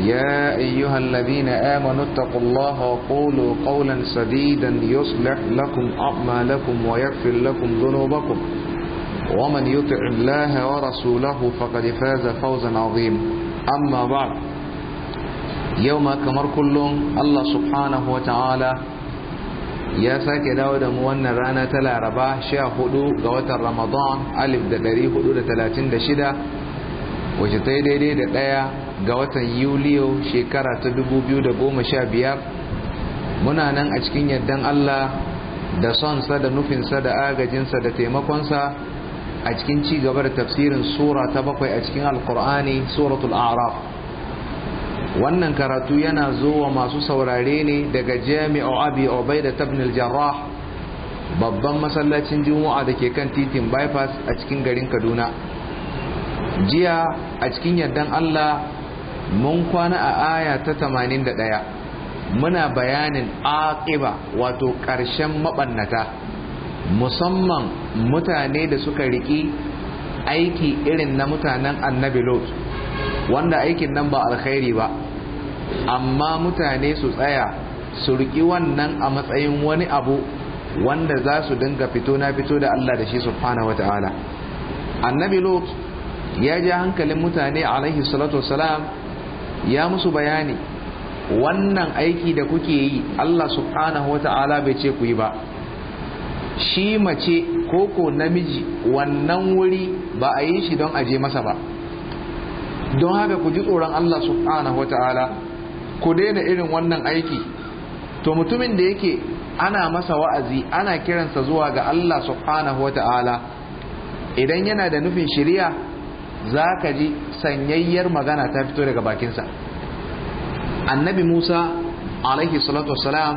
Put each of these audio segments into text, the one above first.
يا أيها الذين آمنوا اتقوا الله وقولوا قولا سديدا يصلح لكم أعمالكم ويغفر لكم ذنوبكم ومن يطع الله ورسوله فقد فاز فوزا عظيما أما بعد يوم كمر كلهم الله سبحانه وتعالى يا ساكي داود موانا رانا تلا ربا ta laraba sha رمضان ألف watan ramadan alif دشدا dari دي da ga watan yuliyo shekara ta 2015 muna nan a cikin yardan Allah da sonsa da nufinsa da agajinsa da taimakonsa a cikin cigaba da tafsirin sura ta bakwai a cikin alkur'ani suratul araf wannan karatu yana zuwa masu saurare ne daga jami'u abi obai da tabnil jarrah babban masallacin juma'a da ke kan titin bypass a cikin garin kaduna jiya a cikin yardan Allah mun kwana a aya ta tamanin da ɗaya muna bayanin aƙiba wato ƙarshen maɓannata musamman mutane da suka riki aiki irin na mutanen annabi lot wanda aikin nan ba alkhairi ba amma mutane su tsaya su riƙi wannan a matsayin wani abu wanda za su dinga fito na fito da Allah da shi subhanahu wata'ala annabi lot ya ji hankalin mutane alaihi salatu wasalam ya musu bayani wannan aiki da kuke yi Allah subhanahu wata'ala bai ce ku yi ba shi mace koko namiji wannan wuri ba a yi shi don aje masa ba don haka ku ji tsoron Allah subhanahu wata'ala ku daina irin wannan aiki to mutumin da yake ana masa wa'azi ana kiransa zuwa ga Allah subhanahu wata'ala idan yana da nufin shiriya za ka ji sanyayyar magana ta fito daga bakinsa annabi musa alaihi salatu wassalam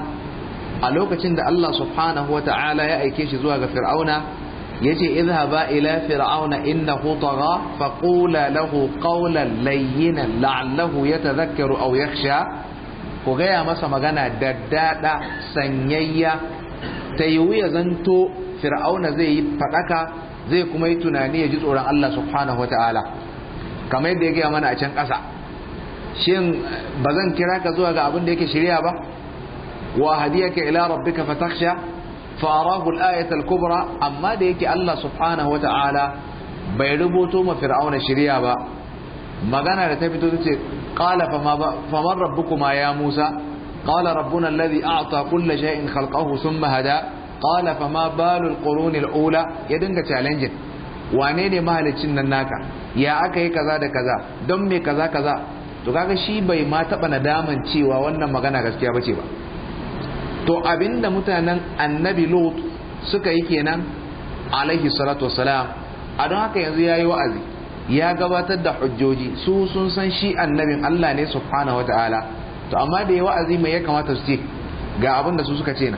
a lokacin da allah subhanahu wa ta'ala ya aike shi zuwa ga fir'auna ya ce izhaba ila fir'auna innahu tagha faqula lahu qawlan layyinan la'allahu yatadhakkaru aw yakhsha ku gaya masa magana daddada sanyayya ta yiwu ya zanto fir'auna zai yi faɗaka, zai kuma yi tunani ya ji tsoron Allah subhanahu wataala kamar yadda ya gaya mana a can ƙasa shin eh, ba zan kira ka zuwa ga abin da yake shirya ba wa hadiyaka ila rabbika fatakhsha fa arahu al-ayata al-kubra amma da yake Allah subhanahu wa ta'ala bai rubuto ma fir'auna shirya ba magana da ta fito tace qala fa ma fa man rabbukuma ya musa qala rabbuna alladhi a'ta kulla shay'in khalqahu thumma hada qala fa ma balu al-quruni al-ula ya dinga challenging wane ne mahalicin nan naka ya aka yi kaza da kaza don me kaza kaza to kaga shi bai ma taba nadaman cewa wannan magana gaskiya ce ba to abinda mutanen annabi lut suka yi kenan alaihi salatu wassalam a don haka yanzu ya yi wa'azi ya gabatar da hujjoji su sun san shi annabin Allah ne subhanahu wataala to amma da ya wa'azi mai ya kamata su ce ga abin da su suka ce na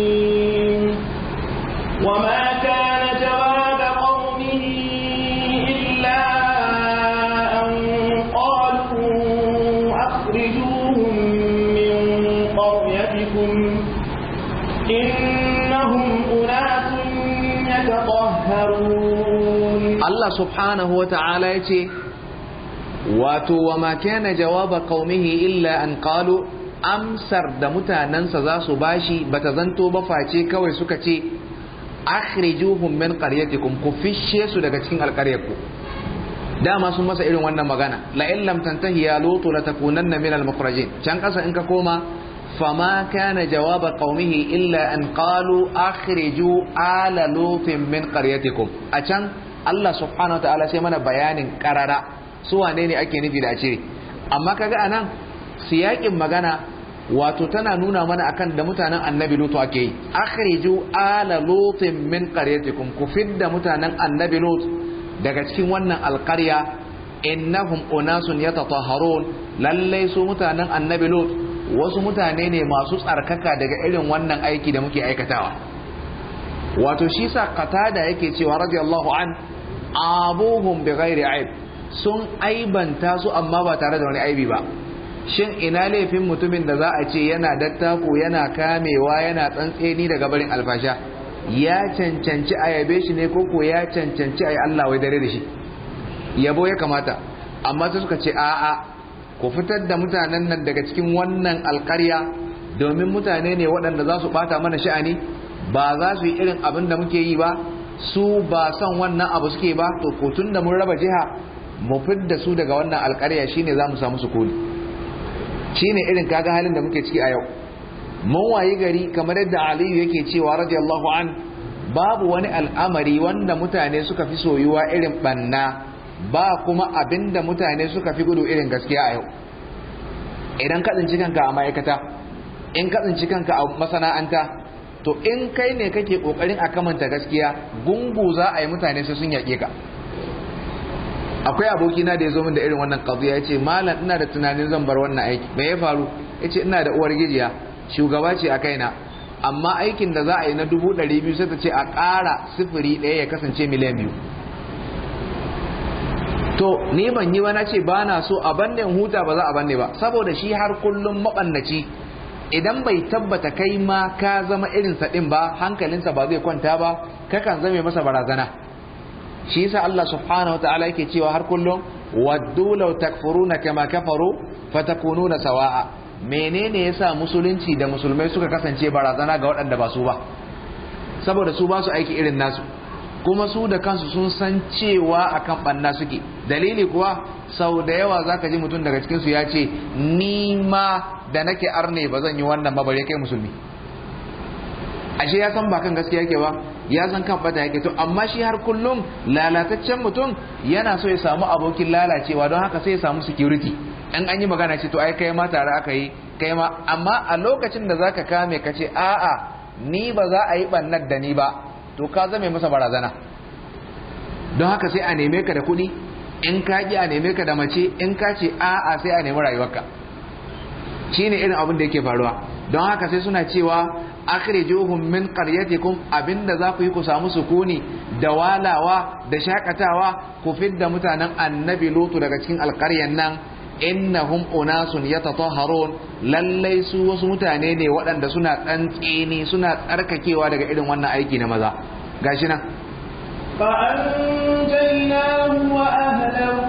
subhanahu wa ta'ala ya ce wato wa ma kana jawaba qaumihi illa an qalu amsar da mutanansa za su bashi bata zanto ba face kawai suka ce akhrijuhum min qaryatikum ku fishe su daga cikin alƙaryarku dama sun masa irin wannan magana la in lam tantahi ya lutu la takunanna min al mukhrajin can kasa in ka koma fama kana jawaba qaumihi illa an qalu akhriju ala lutin min qaryatikum a can Allah subhanahu wa ta'ala sai mana bayanin karara su wane ne ake nufi da a cire amma kaga anan siyakin magana wato tana nuna mana akan da mutanen annabi lutu ake yi akhriju ala lutin min qaryatikum ku fidda mutanen annabi lut daga cikin wannan alqarya innahum unasun yatatahharun lalle su mutanen annabi lut wasu mutane ne masu tsarkaka daga irin wannan aiki da muke aikatawa wato shi sa qatada yake cewa radiyallahu an Abuhun bi ghairi aib sun aibanta su amma ba tare da wani aibi ba shin ina laifin mutumin da za a ce yana dattako yana kamewa yana tsantseni daga barin alfasha ya cancanci a yabe shi ne koko ya cancanci a Allah wai dare da shi yabo ya kamata amma su suka ce a'a ku fitar da mutanen nan daga cikin wannan alkarya domin mutane ne waɗanda za su ɓata mana sha'ani ba za su yi irin abin da muke yi ba su ba son wannan abu suke ba to ko tun da mun raba jiha mu fidda su daga wannan alƙarya shine za mu samu su koli. shine irin kaga halin da muke ciki a yau mun waye gari kamar yadda Aliyu yake cewa radiyallahu an babu wani al'amari wanda mutane suka fi soyuwa irin banna ba kuma abinda mutane suka fi gudu irin gaskiya a yau idan ka kanka a ma'aikata in ka tsinci kanka a masana'anta to in kai ne kake kokarin a kamanta gaskiya gungu za a yi mutane sai sun yaƙe ka akwai aboki na da ya zo min da irin wannan qadiya yace malam ina da tunanin zan bar wannan aiki me ya faru yace ina da uwar gijiya shugaba ce a kaina amma aikin da za a yi na dubu ɗari biyu sai ta ce a ƙara sifiri ɗaya ya kasance miliyan biyu to ni ban yi na ce ba na so a banne huta ba za a banne ba saboda shi har kullum maɓannaci idan bai tabbata kai ma ka zama irin sa ɗin ba hankalinsa ba zai kwanta ba kakan zame masa barazana shi yasa Allah subhanahu wataala yake cewa har kullum waddu law takfuruna kama kafaru fatakununa sawa'a menene yasa musulunci da musulmai suka kasance barazana ga waɗanda ba su ba saboda su ba su aiki irin nasu kuma su da kansu sun san cewa akan banna suke dalili kuwa sau da yawa zaka ji mutum daga cikin su ya ce ni ma da nake arne ba zan yi wannan ba bare kai musulmi ashe ya san ba kan gaskiya yake ba ya san kan bata yake to amma shi har kullum lalataccen mutum yana so ya samu abokin lalacewa don haka sai ya samu security in an yi magana ce to ai kai ma tare aka yi kai ma amma a lokacin da zaka kame ka ce a'a ni ba za a yi bannar da ni ba to ka zame masa barazana don haka sai a neme ka da kuɗi in ka ki a neme ka da mace in ka ce a'a sai a nemi rayuwarka shine irin abin da yake faruwa don haka sai suna cewa akhrijuhum min qaryatikum abinda za ku yi ku samu sukuni da walawa da shakatawa ku fidda mutanen annabi lutu daga cikin alƙaryar nan innahum unasun yatatahharun lallai su wasu mutane ne waɗanda suna tsini, suna tsarkakewa daga irin wannan aiki na maza gashi nan فأنجيناه وأهله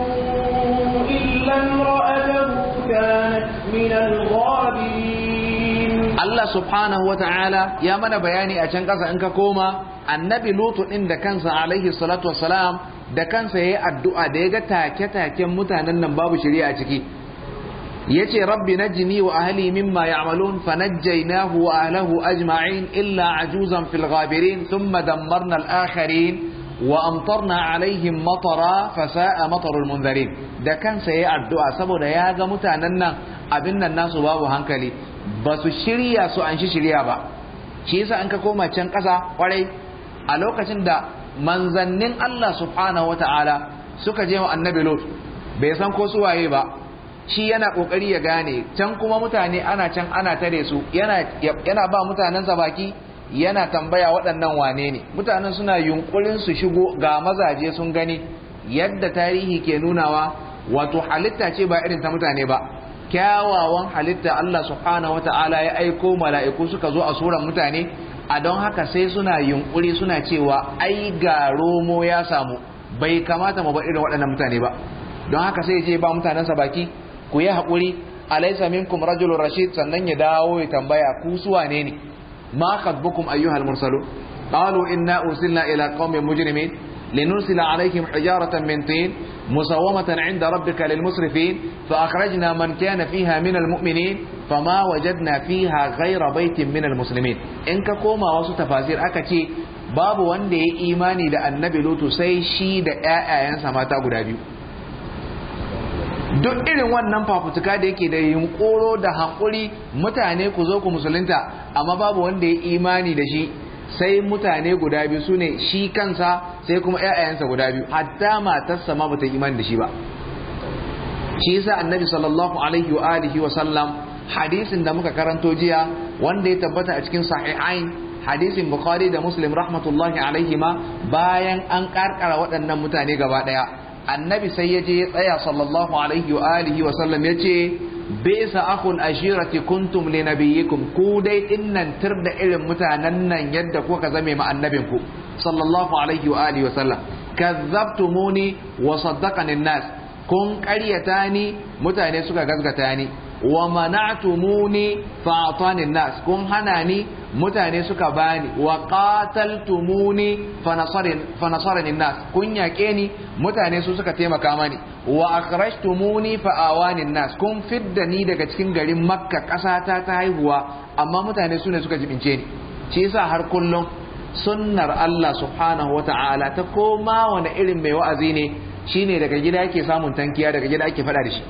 إلا امرأته كانت من الغابرين الله سبحانه وتعالى يا من بياني أجنك أنك كوما النبي لوط إن كانس عليه الصلاة والسلام da kansa ya yi addu’a da ya ga take-taken mutanen nan babu shiri a ciki ya ce rabbi na jini wa ahali mimma ya amalun fa na jainahu wa ahalahu ajma'in illa ajuzan filgabirin sun madammar al-akharin wa amtarna alaihim matara fasa'a matarul munzarin da kansa yayi addu'a saboda ya ga mutanen nan abin nan nasu babu hankali ba su shirya su an shi shirya ba shi yasa an ka koma can ƙasa kwarai a lokacin da manzannin Allah subhanahu wata'ala suka je wa annabi Lot bai san ko su waye ba shi yana kokari ya gane can kuma mutane ana can ana tare su yana yana ba mutanensa baki yana tambaya waɗannan wane ne mutanen suna yunkurin su shigo ga mazaje sun gani yadda tarihi ke nunawa wato halitta ce ba irin ta mutane ba kyawawan halitta Allah subhanahu wata'ala ya aiko mala'iku suka zo a suran mutane a don haka sai suna yunkuri suna cewa ai ga romo ya samu bai kamata mu ba irin waɗannan mutane ba don haka sai je ba mutanen sa baki ku yi haƙuri alaisa minkum rajulur rashid sannan ya dawo ya tambaya ku su wane ne ما خطبكم أيها المرسلون قالوا إنا أرسلنا إلى قوم مجرمين لنرسل عليهم حجارة من طين مسومة عند ربك للمسرفين فأخرجنا من كان فيها من المؤمنين فما وجدنا فيها غير بيت من المسلمين إن كقوما وسط تفاسير أكتي باب وندي إيماني لأن نبي لوتو سي شي دعاء ينسى ما تابو duk irin wannan fafutuka da yake da yunkuro da haƙuri mutane ku zo ku musulunta amma babu wanda ya imani da shi sai mutane guda biyu su ne shi kansa sai kuma 'ya'yansa guda biyu hatta matarsa ma bata imani da shi ba shi yasa annabi sallallahu alaihi wa alihi wa sallam hadisin da muka karanto jiya wanda ya tabbata a cikin sahihain hadisin bukhari da muslim rahmatullahi alaihi ma bayan an karkara waɗannan mutane gaba ɗaya annabi sai ya je ya tsaya sallallahu alaihi wa alihi wa sallam ya ce bisa akhul ashirati kuntum li nabiyyikum ku dai dinnan tir da irin mutanen nan yadda kuka zame ma annabin ku sallallahu alaihi wa alihi wa sallam kazzabtumuni wa saddaqani nas kun karyata ni mutane suka gazgata ni wa mana'tumuni fa atani nas kun hana ni mutane suka bani wa qataltumuni fa nasarin fa nas kun yake ni mutane su suka taimaka mani wa akhrajtumuni fa awani nas kun fidda daga cikin garin makka kasata ta haihuwa amma mutane su ne suka jibince ni shi yasa har kullum sunnar Allah subhanahu wata'ala ta koma wani irin mai wa'azi ne shine daga gida yake samun tankiya daga gida ake faɗa da shi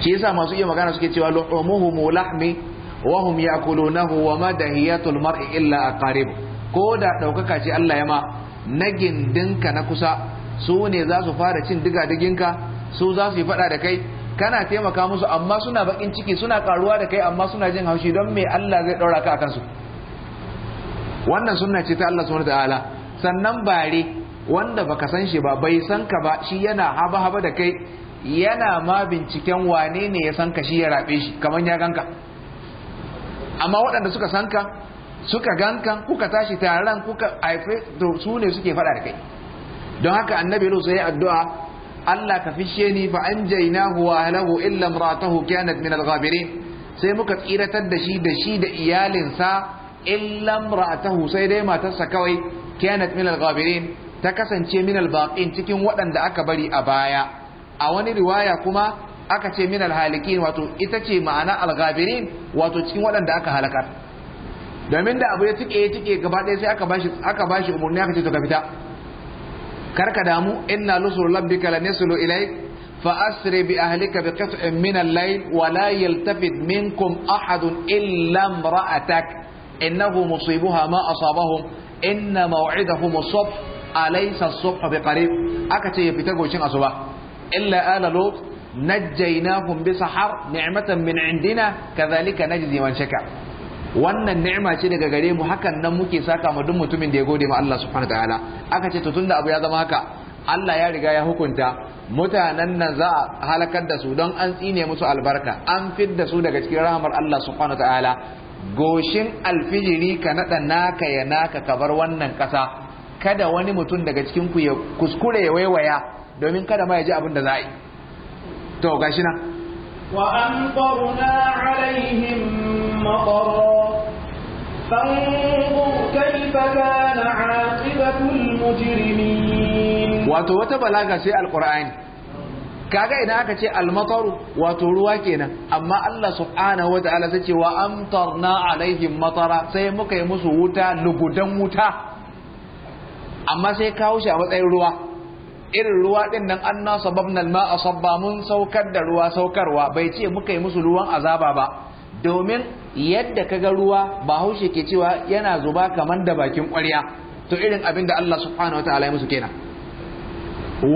shi yasa masu iya magana suke cewa lu'umuhu mulahmi wa hum yakulunahu wa madahiyatul mar'i illa aqarib ko da daukaka ce Allah ya ma na gindinka na kusa su ne za su fara cin diga diginka su za su yi fada da kai kana taimaka musu amma suna bakin ciki suna karuwa da kai amma suna jin haushi don me Allah zai daura ka akan su wannan sunna ce ta Allah subhanahu wataala sannan bare wanda baka san shi ba bai san ka ba shi yana haba haba da kai yana ma binciken wane ne ya sanka shi ya rabe shi kamar ya ganka amma waɗanda suka sanka suka ganka kuka tashi taron kuka haife to su ne suke faɗa da kai don haka annabi lutu ya addu'a Allah ka fishe ni fa anjaynahu wa ahlihi illa imra'atuhu kanat min al-ghabirin sai muka tsiratar da shi da shi da iyalinsa illam ra'atahu sai dai matarsa kawai kanat min al-ghabirin ta kasance min al-baqin cikin waɗanda aka bari a baya a wani riwaya kuma aka ce min alhalikin wato ita ce ma'ana algabirin wato cikin waɗanda aka halakar domin da abu ya tike ya tike gaba ɗaya sai aka bashi aka bashi umurni aka ce to ka fita karka damu inna lusul rabbika lanisulu ilaik fa asri bi ahlika bi qit'in min al-layl wa la yaltafit minkum ahadun illa imra'atak innahu musibuha ma asabahum inna maw'idahum as-subh alaysa as-subh biqarib aka ce ya fita gocin asuba illa آل لوط نجيناهم بسحر sahar ni'matan عندنا كذلك نجزي من man wannan ni'ima ce daga gare mu hakan nan muke saka ma duk mutumin da ya gode ma Allah subhanahu aka ce to tunda abu ya zama haka Allah ya riga ya hukunta mutanen nan za a halakar da su don an tsine musu albarka an fidda su daga cikin rahamar Allah subhanahu ta'ala goshin alfijiri ka nada naka ya naka kabar wannan kasa kada wani mutum daga cikin ku ya kuskure ya waiwaya domin kada ma ya ji abin da za a yi to gashi nan wa alaihim kana wato wata balaga sai alqur'ani kaga idan aka ce almataru wato ruwa kenan amma Allah subhanahu wataala zai ce wa amtarna alaihim matara sai muka yi musu wuta lugudan wuta amma sai kawo shi a matsayin ruwa irin ruwa din nan an anna ma a sabba mun saukar da ruwa saukarwa bai ce muka yi musu ruwan azaba ba domin yadda ka ga ruwa ba haushe ke cewa yana zuba kamar da bakin ƙwarya to irin abin da Allah subhanahu ta'ala ya musu kenan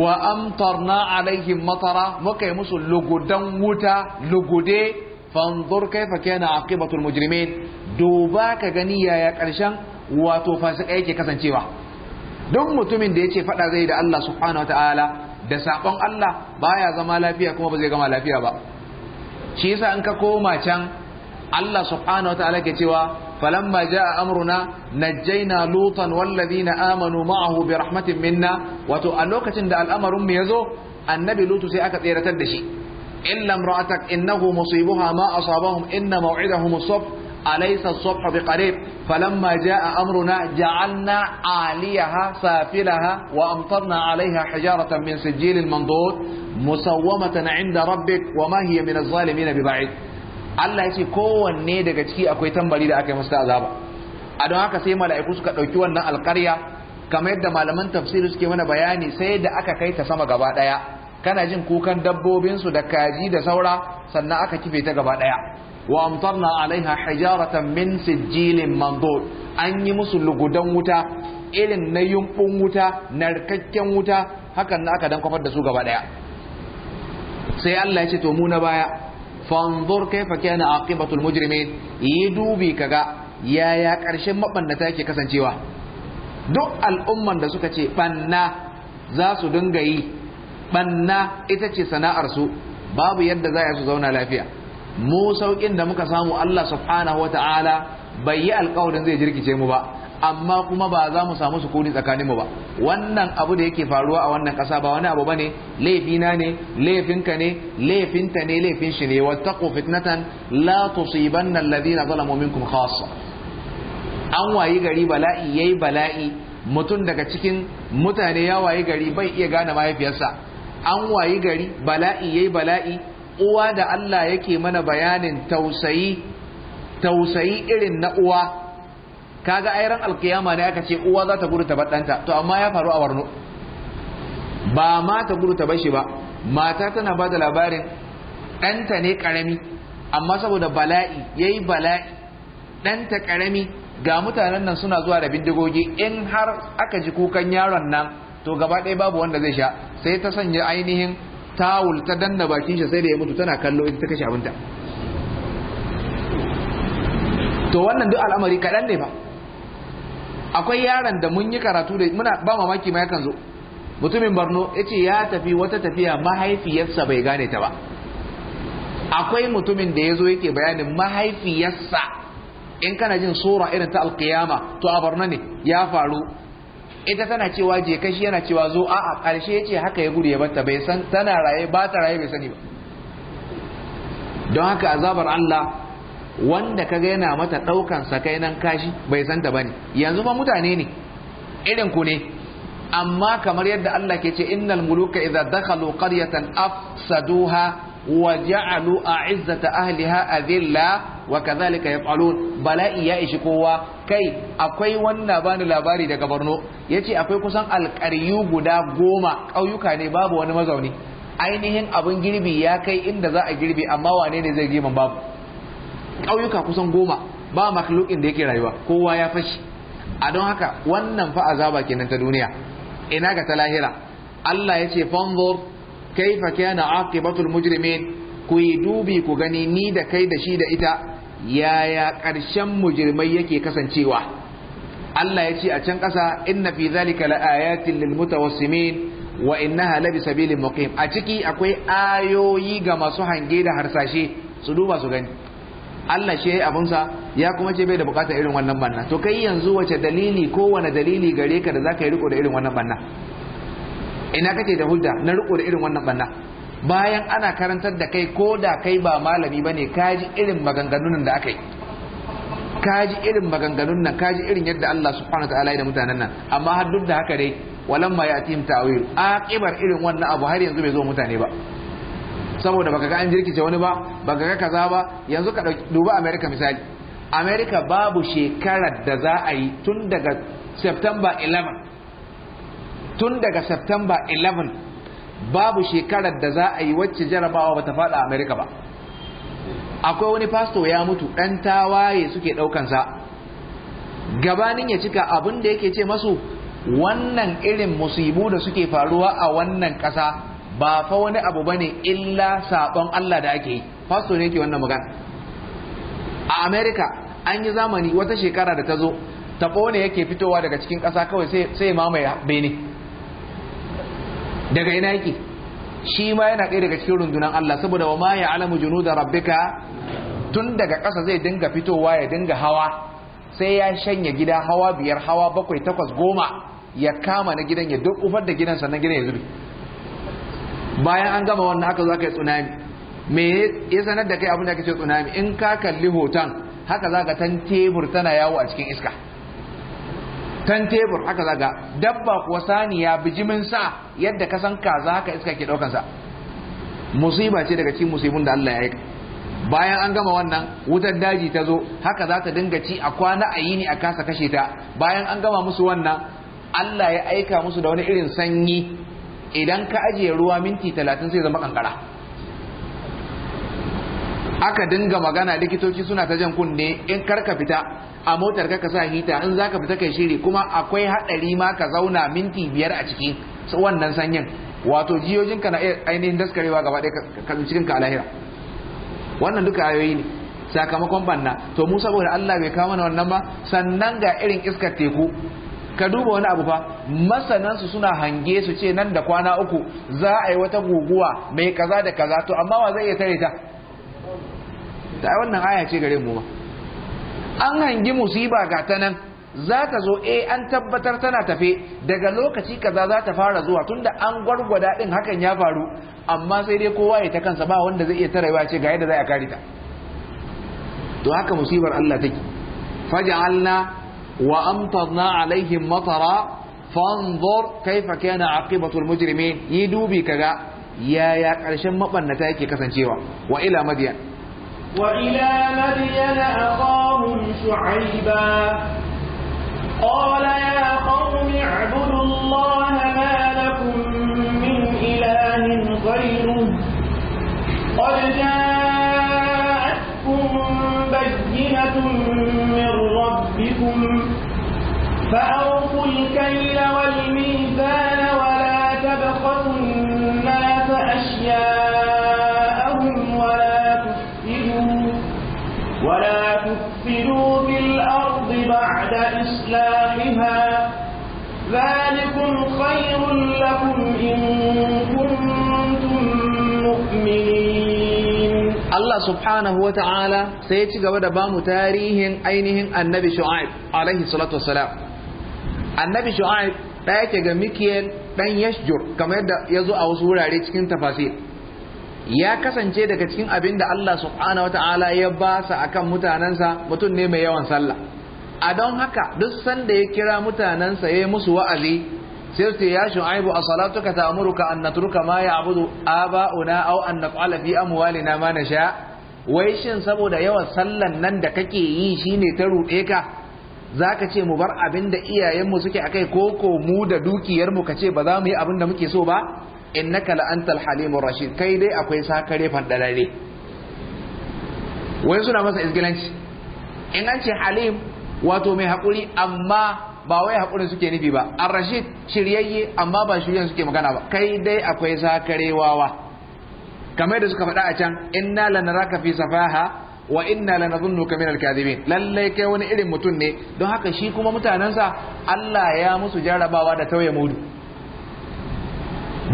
wa amtarna alaihim matara muka yi musu lugudan wuta lugude fanzur kaifa kana aqibatul mujrimin duba ka gani yaya karshen wato fasika yake kasancewa duk mutumin da ya ce faɗa zai da Allah subhanahu wata'ala da sabon Allah baya zama lafiya kuma ba zai gama lafiya ba shi yasa in ka koma can Allah subhanahu wata'ala ke cewa falamma ja'a amruna najjayna lutan walladhina amanu ma'ahu rahmatin minna wato a lokacin da al'amarinmu ya zo, annabi lutu sai aka tseratar da shi illa imra'atak innahu musibuha ma asabahum inna maw'idahum as أليس الصبح بقريب فلما جاء أمرنا جعلنا عاليها سافلها وأمطرنا عليها حجارة من سجيل منضود مسومة عند ربك وما هي من الظالمين ببعيد Allah ya ce kowanne daga ciki akwai tambari da aka yi musu azaba a don haka sai mala'iku suka ɗauki wannan alƙarya kamar yadda malaman tafsiri suke mana bayani sai da aka kai ta sama gaba ɗaya kana jin kukan dabbobinsu da kaji da saura sannan aka kife ta gaba ɗaya wa amtarna alaiha hijaratan min sijilin mandur an yi musu lugudan wuta irin na yumbun wuta narkakken wuta hakan na aka dan kwafar da su gaba daya sai Allah ya ce to mu na baya fanzur kaifa kana aqibatul mujrimin yi dubi kaga yaya karshen mabannata ke kasancewa duk al'umman da suka ce banna za su dinga yi banna ita ce sana'ar su babu yadda za su zauna lafiya mu sauƙin da muka samu Allah subhanahu wata'ala bai yi alkawarin zai jirkice mu ba amma kuma ba za mu samu sukuni tsakanin mu ba wannan abu da yake faruwa a wannan kasa ba wani abu bane laifina ne laifinka ne laifinta ne laifin shi ne wattaqu fitnatan la tusibanna alladhina zalamu minkum khassa an wayi gari bala'i yayi bala'i mutum daga cikin mutane ya wayi gari bai iya gane mahaifiyarsa an wayi gari bala'i yayi bala'i uwa da Allah yake mana bayanin tausayi tausayi irin na uwa kaga ran alkiyama ne aka ce uwa za ta gudu ta baddanta to amma ya faru a warno ba ma ta gudu ta bashi ba mata tana bada labarin ɗanta ne ƙarami amma saboda bala'i yayi yi bala'i ɗanta ƙarami ga mutanen nan suna zuwa da bindigogi in har aka ji kukan yaron nan to gaba ɗaya babu wanda zai sha sai ta sanya ainihin tawul ta danna bakin shi sai da ya mutu tana kallo ita ta kashe abinta to wannan duk al'amari kaɗan ne ba akwai yaron da mun yi karatu da muna ba mamaki ma yakan zo mutumin barno ya ce ya tafi wata tafiya mahaifiyarsa bai gane ta ba akwai mutumin da ya zo yake bayanin mahaifiyarsa in kana jin sura irin ta alkiyama to a barno ne ya faru ita tana cewa je kashi yana cewa zo a a ƙarshe ya ce haka ya gudu ya bata bai san tana raye ba ta raye bai sani ba don haka azabar Allah wanda kaga yana mata ɗaukan sakai nan kashi bai san ta bane yanzu fa mutane ne irin ku ne amma kamar yadda Allah ke ce innal muluka idza dakhalu qaryatan afsaduha وجعلوا أعزة أهلها أذلة وكذلك يفعلون بلاء يا إشي قوة كي أكوي وانا labari daga Borno. قبرنو يتي akwai kusan القريو guda goma. أو ne babu wani mazauni. ainihin abin girbi ya kai inda za a girbi amma wane ne zai man babu ƙauyuka kusan goma ba makhlukin da yake rayuwa kowa ya fashi a don haka wannan fa azaba kenan ta duniya ina ga ta lahira Allah ya ce fanzur kaifa kana aqibatul mujrimin ku yi dubi ku gani ni da kai da shi da ita yaya ƙarshen mujrimai yake kasancewa Allah ya ce a can ƙasa inna fi zalika laayatin lil mutawassimin wa innaha la bisabilin muqim a ciki akwai ayoyi ga masu hange da harsashe su duba su gani Allah shi yayi sa ya kuma ce bai da bukata irin wannan banna to kai yanzu wace dalili ko wani dalili gare ka da zaka yi riko da irin wannan banna ina kake da hujja na riko da irin wannan banna bayan ana karantar da kai ko da kai ba malami bane kaji irin maganganun da aka yi kaji irin maganganun nan kaji irin yadda Allah subhanahu wa ta'ala ya da mutanen nan amma har duk da haka dai walan ma yatim ta'wil aqibar irin wannan abu har yanzu bai zo mutane ba saboda baka ga an jirkice wani ba baka ga kaza ba yanzu ka duba America misali America babu shekarar da za a yi tun daga September 11 tun daga september 11 babu shekarar da za a yi wacce jarabawa ba ta faɗa Amerika ba akwai wani fasto ya mutu ɗan tawaye suke ɗaukansa gabanin ya cika abin da yake ce masu wannan irin musibu da suke faruwa a wannan ƙasa ba fa wani abu bane illa saɓon Allah da ake yi fasto ne yake wannan magana a Amerika, an yi zamani wata shekara da ta zo taɓo ne yake fitowa daga cikin ƙasa kawai sai mamaye bene daga ina yake shi ma yana ɗaya daga cikin rundunan Allah saboda wa ma ya'lamu junuda rabbika tun daga ƙasa zai dinga fitowa ya dinga hawa sai ya shanya gida hawa biyar hawa bakwai takwas goma ya kama na gidan ya ufar da gidan sannan gidan ya zube bayan an gama wannan haka za ka yi tsunami me ya sanar da kai abin da ake ce tsunami in ka kalli hoton haka za ka tan tebur tana yawo a cikin iska Tan tebur haka zaga dabba kuwa saniya bijimin sa yadda ka san kaza haka iska ke daukan sa musiba ce daga cikin musibin da Allah ya yi. bayan an gama wannan wutar daji ta zo haka za ta dinga ci a kwana a yini a kasa kashe ta bayan an gama musu wannan Allah ya aika musu da wani irin sanyi idan ka ajiye ruwa minti talatin sai zama kankara aka dinga magana likitoci suna ta jan kunne in karka fita a motar ka ka sa hita in za ka fita kai shiri kuma akwai haɗari ma ka zauna minti biyar a ciki wannan sanyin wato jiyojin ka na ainihin daskarewa gaba ɗaya ka cikin ka alahira wannan duka ayoyi ne sakamakon banna to mu saboda Allah bai kawo mana wannan ba sannan ga irin iskar teku ka duba wani abu fa masanansu suna hange su ce nan da kwana uku za a yi wata guguwa mai kaza da kaza to amma wa zai iya tare ta ta wannan aya ce gare mu ba an hangi musiba ga ta nan za ta zo eh an tabbatar tana tafe daga lokaci kaza za ta fara zuwa tunda an gwargwada din hakan ya faru amma sai dai kowa ya ta kansa ba wanda zai iya tarewa ce ga yadda za a kare ta to haka musibar Allah take faj'alna wa amtarna alaihim matara fanzur kaifa kana aqibatul mujrimin yi dubi kaga yaya karshen mabannata yake kasancewa wa ila madyan وإلى مدين أخاهم شعيبا قال يا قوم اعبدوا الله ما لكم من إله غيره قد جاءتكم بينة من ربكم فأوفوا الكيل والميزان ولا تبخسوا الناس أشياءً بعد إصلاحها ذلكم خير لكم إن كنتم مؤمنين الله سبحانه وتعالى سيتي قبل بام تاريهن أينهن النبي شعيب عليه الصلاة والسلام النبي شعيب ɗaya ke ga mikiyel ɗan yashjur kamar yadda ya zo a wasu wurare cikin tafasir ya kasance daga cikin abin da Allah subhanahu wa ta'ala ya ba sa akan mutanensa mutum ne mai yawan sallah a don haka duk sanda ya kira mutanensa ya yi musu wa'azi sai su ya aibu a ka ta'amuru ka an natruka ma ya abudu aba'una au an naf'ala fi na ma nasha wai shin saboda yawan sallan nan da kake yi shine ta ruɗe ka zaka ce mu bar abin da iyayenmu suke akai ko ko mu da dukiyarmu mu kace ba za mu yi abin da muke so ba innaka la antal halimur rashid kai dai akwai sakare fandalare wai suna masa izgilanci in an ce halim wato mai haƙuri amma ba wai haƙuri suke nufi ba ar-rashid shiryayye amma ba shiryen suke magana ba kai dai akwai zakarewawa kamar da suka faɗa a can inna lanaraka fi safaha wa inna lanadhunnuka min alkazimi lallai lalle kai wani irin mutum ne don haka shi kuma mutanansa Allah ya musu jarrabawa da tauye mudu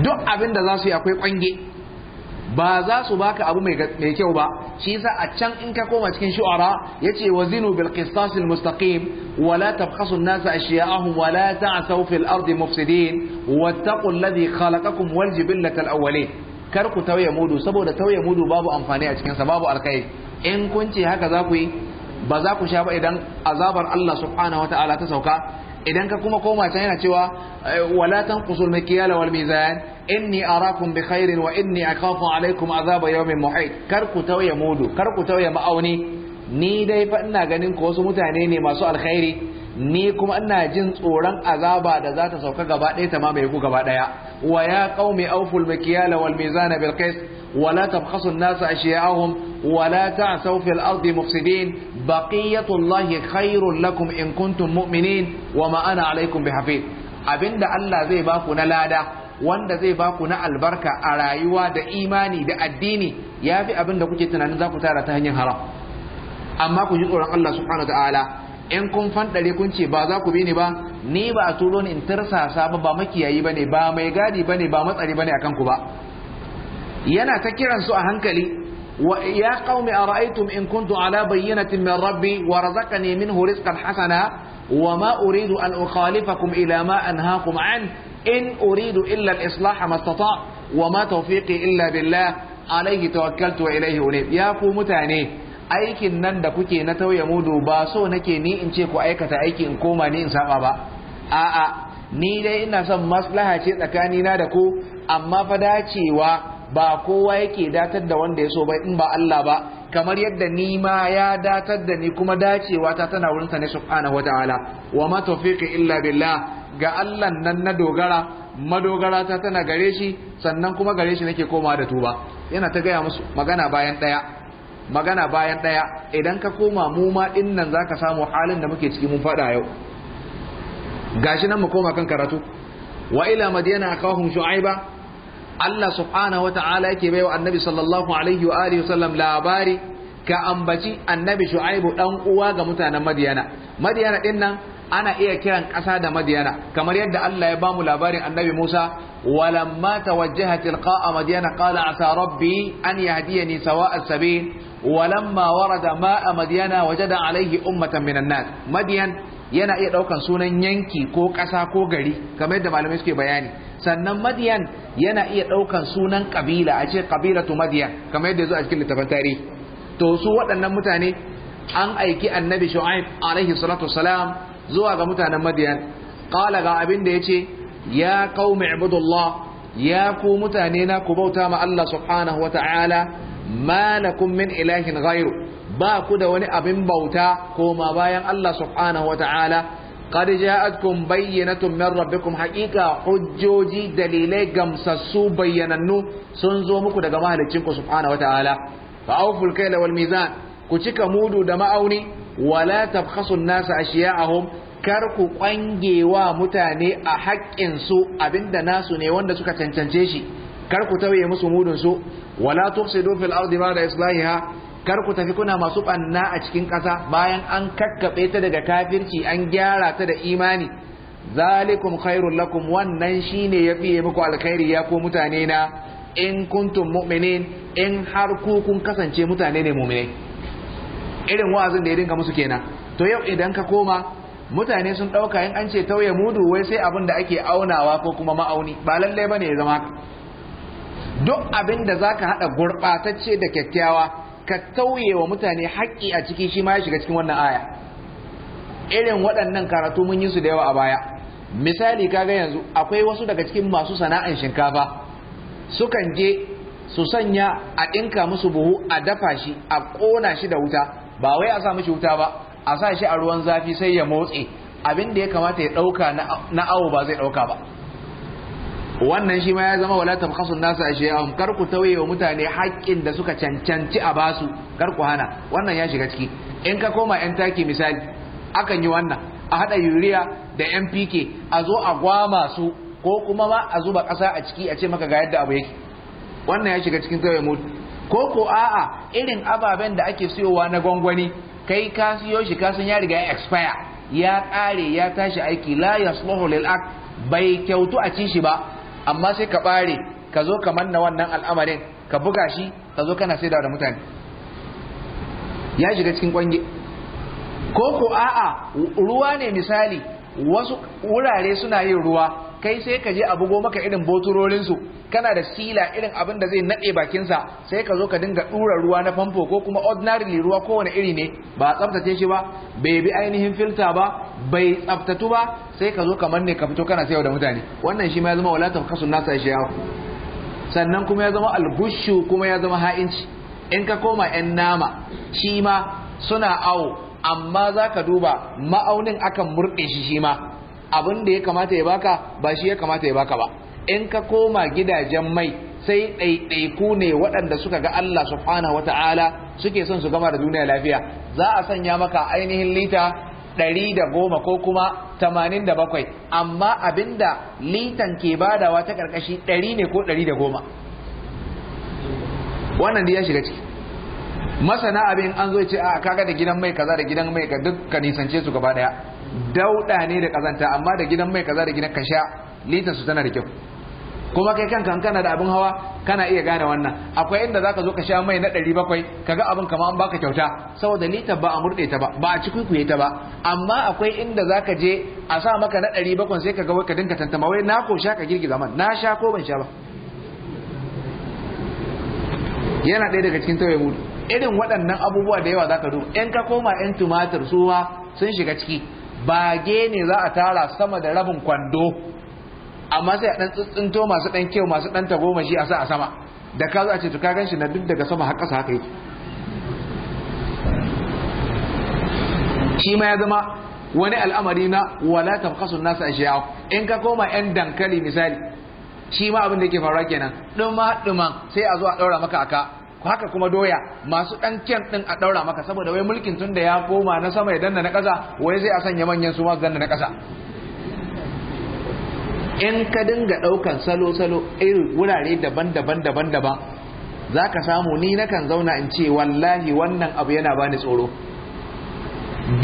duk abin da za su yi akwai kwange ba za su baka abu mai kyau ba shi yasa a can in ka koma cikin shu'ara yace wazinu bil qistas al mustaqim wa la tabkhasu an-nasa ashya'ahum wa la ta'sau fil ardi mufsidin wattaqu alladhi khalaqakum wal jibillata al awwalin kar ku tauye mudu saboda tauye mudu babu amfani a cikin sa babu alkai in kun ce haka za ku yi ba za ku sha ba idan azabar Allah subhanahu wa ta'ala ta sauka idan ka kuma koma can yana cewa eh, wala tanqusul mikyala wal mizan inni arakum bi khairin wa inni akhafu alaikum azaba yawmin muhit kar ku tauye mudu kar ku tauye ma'auni ni dai fa ina ganin ku wasu mutane ne masu alkhairi ni kuma ina jin tsoron azaba da za ta sauka gaba ɗaya ta mamaye ku gaba ɗaya wa ya qaumi awful makiyala wal mizana bil qist wa la tabkhasu an-nasa ashya'ahum wa la ta'saw fil ardi mufsidin baqiyatu llahi khairul lakum in kuntum mu'minin wa ma ana alaykum bihafiz abinda Allah zai baku na lada wanda zai baku na albarka a rayuwa da imani da addini yafi abinda kuke tunanin za ku tara ta hanyar haram amma ku ji tsoron Allah subhanahu wa ta'ala in kun fanɗari kun ce ba za ku bi ni ba ni ba a turo ni in tarsasa ba ba makiyayi bane ba mai gadi ne ba matsari bane a kanku ba yana ta kiran su a hankali wa ya qaumi ara'aytum in kuntu ala bayyinatin min rabbi wa razaqani min rizqan hasana وما أريد أن أخالفكم إلى in uridu عنه إن أريد إلا الإصلاح ما illa وما alaihi إلا بالله عليه wa وإليه أنيب Ya كو mutane. aikin nan da kuke na tauye mudu ba so nake ni in ce ku aikata aiki in koma ni in saba ba a'a ni dai ina son maslaha ce tsakanina da ku amma fa dacewa ba kowa yake datar da wanda ya so ba in ba Allah ba kamar yadda ni ma ya datar da ni kuma dacewa ta tana wurin sa ne subhanahu wataala wa ma tawfiqi illa billah ga Allah nan na dogara madogara ta tana gare shi sannan kuma gare shi nake koma da tuba yana ta gaya musu magana bayan daya magana bayan ɗaya idan ka koma mu ma din nan za samu halin da muke ciki mun faɗa yau gashi nan mu koma kan karatu wa ila madina akahum shu'aiba Allah subhanahu wata'ala yake wa annabi sallallahu alaihi wa alihi wasallam labari ka ambaci annabi shu'aibu dan uwa ga mutanen madiyana madiyana ɗinnan nan ana iya kiran ƙasa da madiyana kamar yadda Allah ya bamu labarin annabi Musa walamma tawajjaha tilqa'a madiyana qala asa rabbi an yahdiyani sawa'a sabil walamma warada ma'a madiyana wajada alaihi ummatan minan nas madiyan yana iya daukan sunan yanki ko ƙasa ko gari kamar yadda malamai suke bayani sannan madiyan yana iya daukan sunan kabila a ce kabilatu madiyan kamar yadda zo a cikin tarihi to su waɗannan mutane an aiki annabi shu'aib alaihi salatu wassalam zuwa ga mutanen madiyan qala ga abin da ya ce ya qaumi ibudullah ya ku mutane na ku bauta ma Allah subhanahu ma min ilahin ghairu ba ku da wani abin bauta koma bayan Allah subhanahu wata'ala qad ja'atkum bayyinatun min rabbikum haƙiƙa, hujjoji dalilai gamsassu bayyanannu sun zo muku daga mahalicin ku subhanahu wata'ala fa awful kayla wal mizan ku cika mudu da ma'auni wala tabkhasu shiya nasa ashiya'ahum kar ku kwangewa mutane a haƙƙinsu abinda nasu ne wanda suka cancance shi kar ku tawaye musu mudun su wala tufsidu fil ardi ba'da islahiha kar ku tafi kuna masu banna a cikin kasa bayan an kakkabe ta daga kafirci an gyara ta da imani zalikum khairul lakum wannan shine ya fiye muku alkhairi ya ko mutane na in kuntum mu'minin in har ku kun kasance mutane ne mu'minai irin wa'azin da ya dinka musu kenan to yau idan ka koma mutane sun ɗauka in an ce tauye mudu wai sai abin da ake aunawa ko kuma ma'auni ba lallai bane ya zama duk abin da ka haɗa gurɓatacce da kyakkyawa ka tauye wa mutane haƙƙi a ciki shi ma ya shiga cikin wannan aya irin waɗannan karatu mun yi su da yawa a baya misali kaga yanzu akwai wasu daga cikin masu sana'ar shinkafa sukan je su sanya a ɗinka musu buhu a dafa shi a ƙona shi da wuta ba wai a sa mishi wuta ba a sa shi a ruwan zafi sai ya motse abin da ya kamata ya ɗauka na awo ba zai ɗauka ba wannan shi ma ya zama wala tabkhasun nasu ashiyahum kar ku tawaye mutane haƙƙin da suka cancanci a basu kar ku hana wannan ya shiga ciki in ka koma yan taki misali akan yi wannan a hada yuriya da NPK a zo a gwama su ko kuma ma a zuba ƙasa a ciki a ce maka ga yadda abu yake wannan ya shiga cikin tawaye mutu ko ko a'a irin ababen da ake siyowa na gwangwani kai ka siyo shi ka san ya riga ya expire ya ƙare ya tashi aiki la yasluhu lil bai kyautu a ci shi ba amma sai ka bare ka zo ka manna wannan al'amarin ka buga shi ka zo kana sai da mutane ya shiga cikin kwange ko ko a'a ruwa ne misali wasu wurare suna yin ruwa kai sai ka je a bugo maka irin boturorinsu kana da sila irin abin da zai naɗe bakinsa sai ka zo ka dinga ɗura ruwa na famfo ko kuma ordinarily ruwa kowane iri ne ba a tsaftace shi ba bai bi ainihin filta ba bai tsaftatu ba sai ka zo kamar ne ka fito kana sayo da mutane wannan shi ma ya zama wala tafkasun nasa shi yawo sannan kuma ya zama algushu kuma ya zama ha'inci in ka koma yan nama shi ma suna awo amma za ka duba ma'aunin akan murɗe shi shi ma abin da ya kamata ya baka ba shi ya kamata ya baka ba in ka koma gidajen mai sai ɗaiɗaiku ne waɗanda suka ga Allah subhanahu wata'ala suke son su gama da duniya lafiya za a sanya maka ainihin lita ɗari da goma ko kuma tamanin da bakwai amma abinda litan ke badawa ta ƙarƙashi ɗari ne ko ɗari da goma wannan da ya shiga ciki masana abin an zo ce a kaga da gidan mai kaza da gidan mai ka duk ka nisance su gaba daya dauda ne da kazanta amma da gidan mai kaza da gidan kasha litan su tana da kyau kuma kai kanka kana da abin hawa kana iya gane wannan akwai inda zaka zo ka sha mai na 700 kaga abin kama an baka kyauta saboda litar ba a murde ta ba ba a cikuikuye ta ba amma akwai inda zaka je a sa maka na 700 sai kaga wai ka dinka tantama wai na ko sha ka girgiza man na sha ko ban sha ba yana ɗaya daga cikin tawaye mudu irin waɗannan abubuwa da yawa zaka duba in ka koma yan tumatir suwa sun shiga ciki bage ne za a tara sama da rabin kwando amma sai a ɗan tsintsinto masu ɗan kyau masu ɗan tagomashi a sa a sama da ka a ce tuka ka ganshi na duk daga sama har ƙasa haka yi. shi ma ya zama wani al'amari na wala tabqasu nasa ashiya in ka koma yan dankali misali shi ma abin da yake faruwa kenan ɗuma duman sai a zo a ɗaura maka aka haka kuma doya masu ɗan kyan ɗin a ɗaura maka saboda wai mulkin tun da ya koma na sama ya danna na ƙasa wai zai a sanya manyan su masu danna na ƙasa in ka dinga ɗaukan salo-salo irin wurare daban-daban daban-daban za ka samu ni nakan zauna in ce wallahi wannan abu yana ba ni tsoro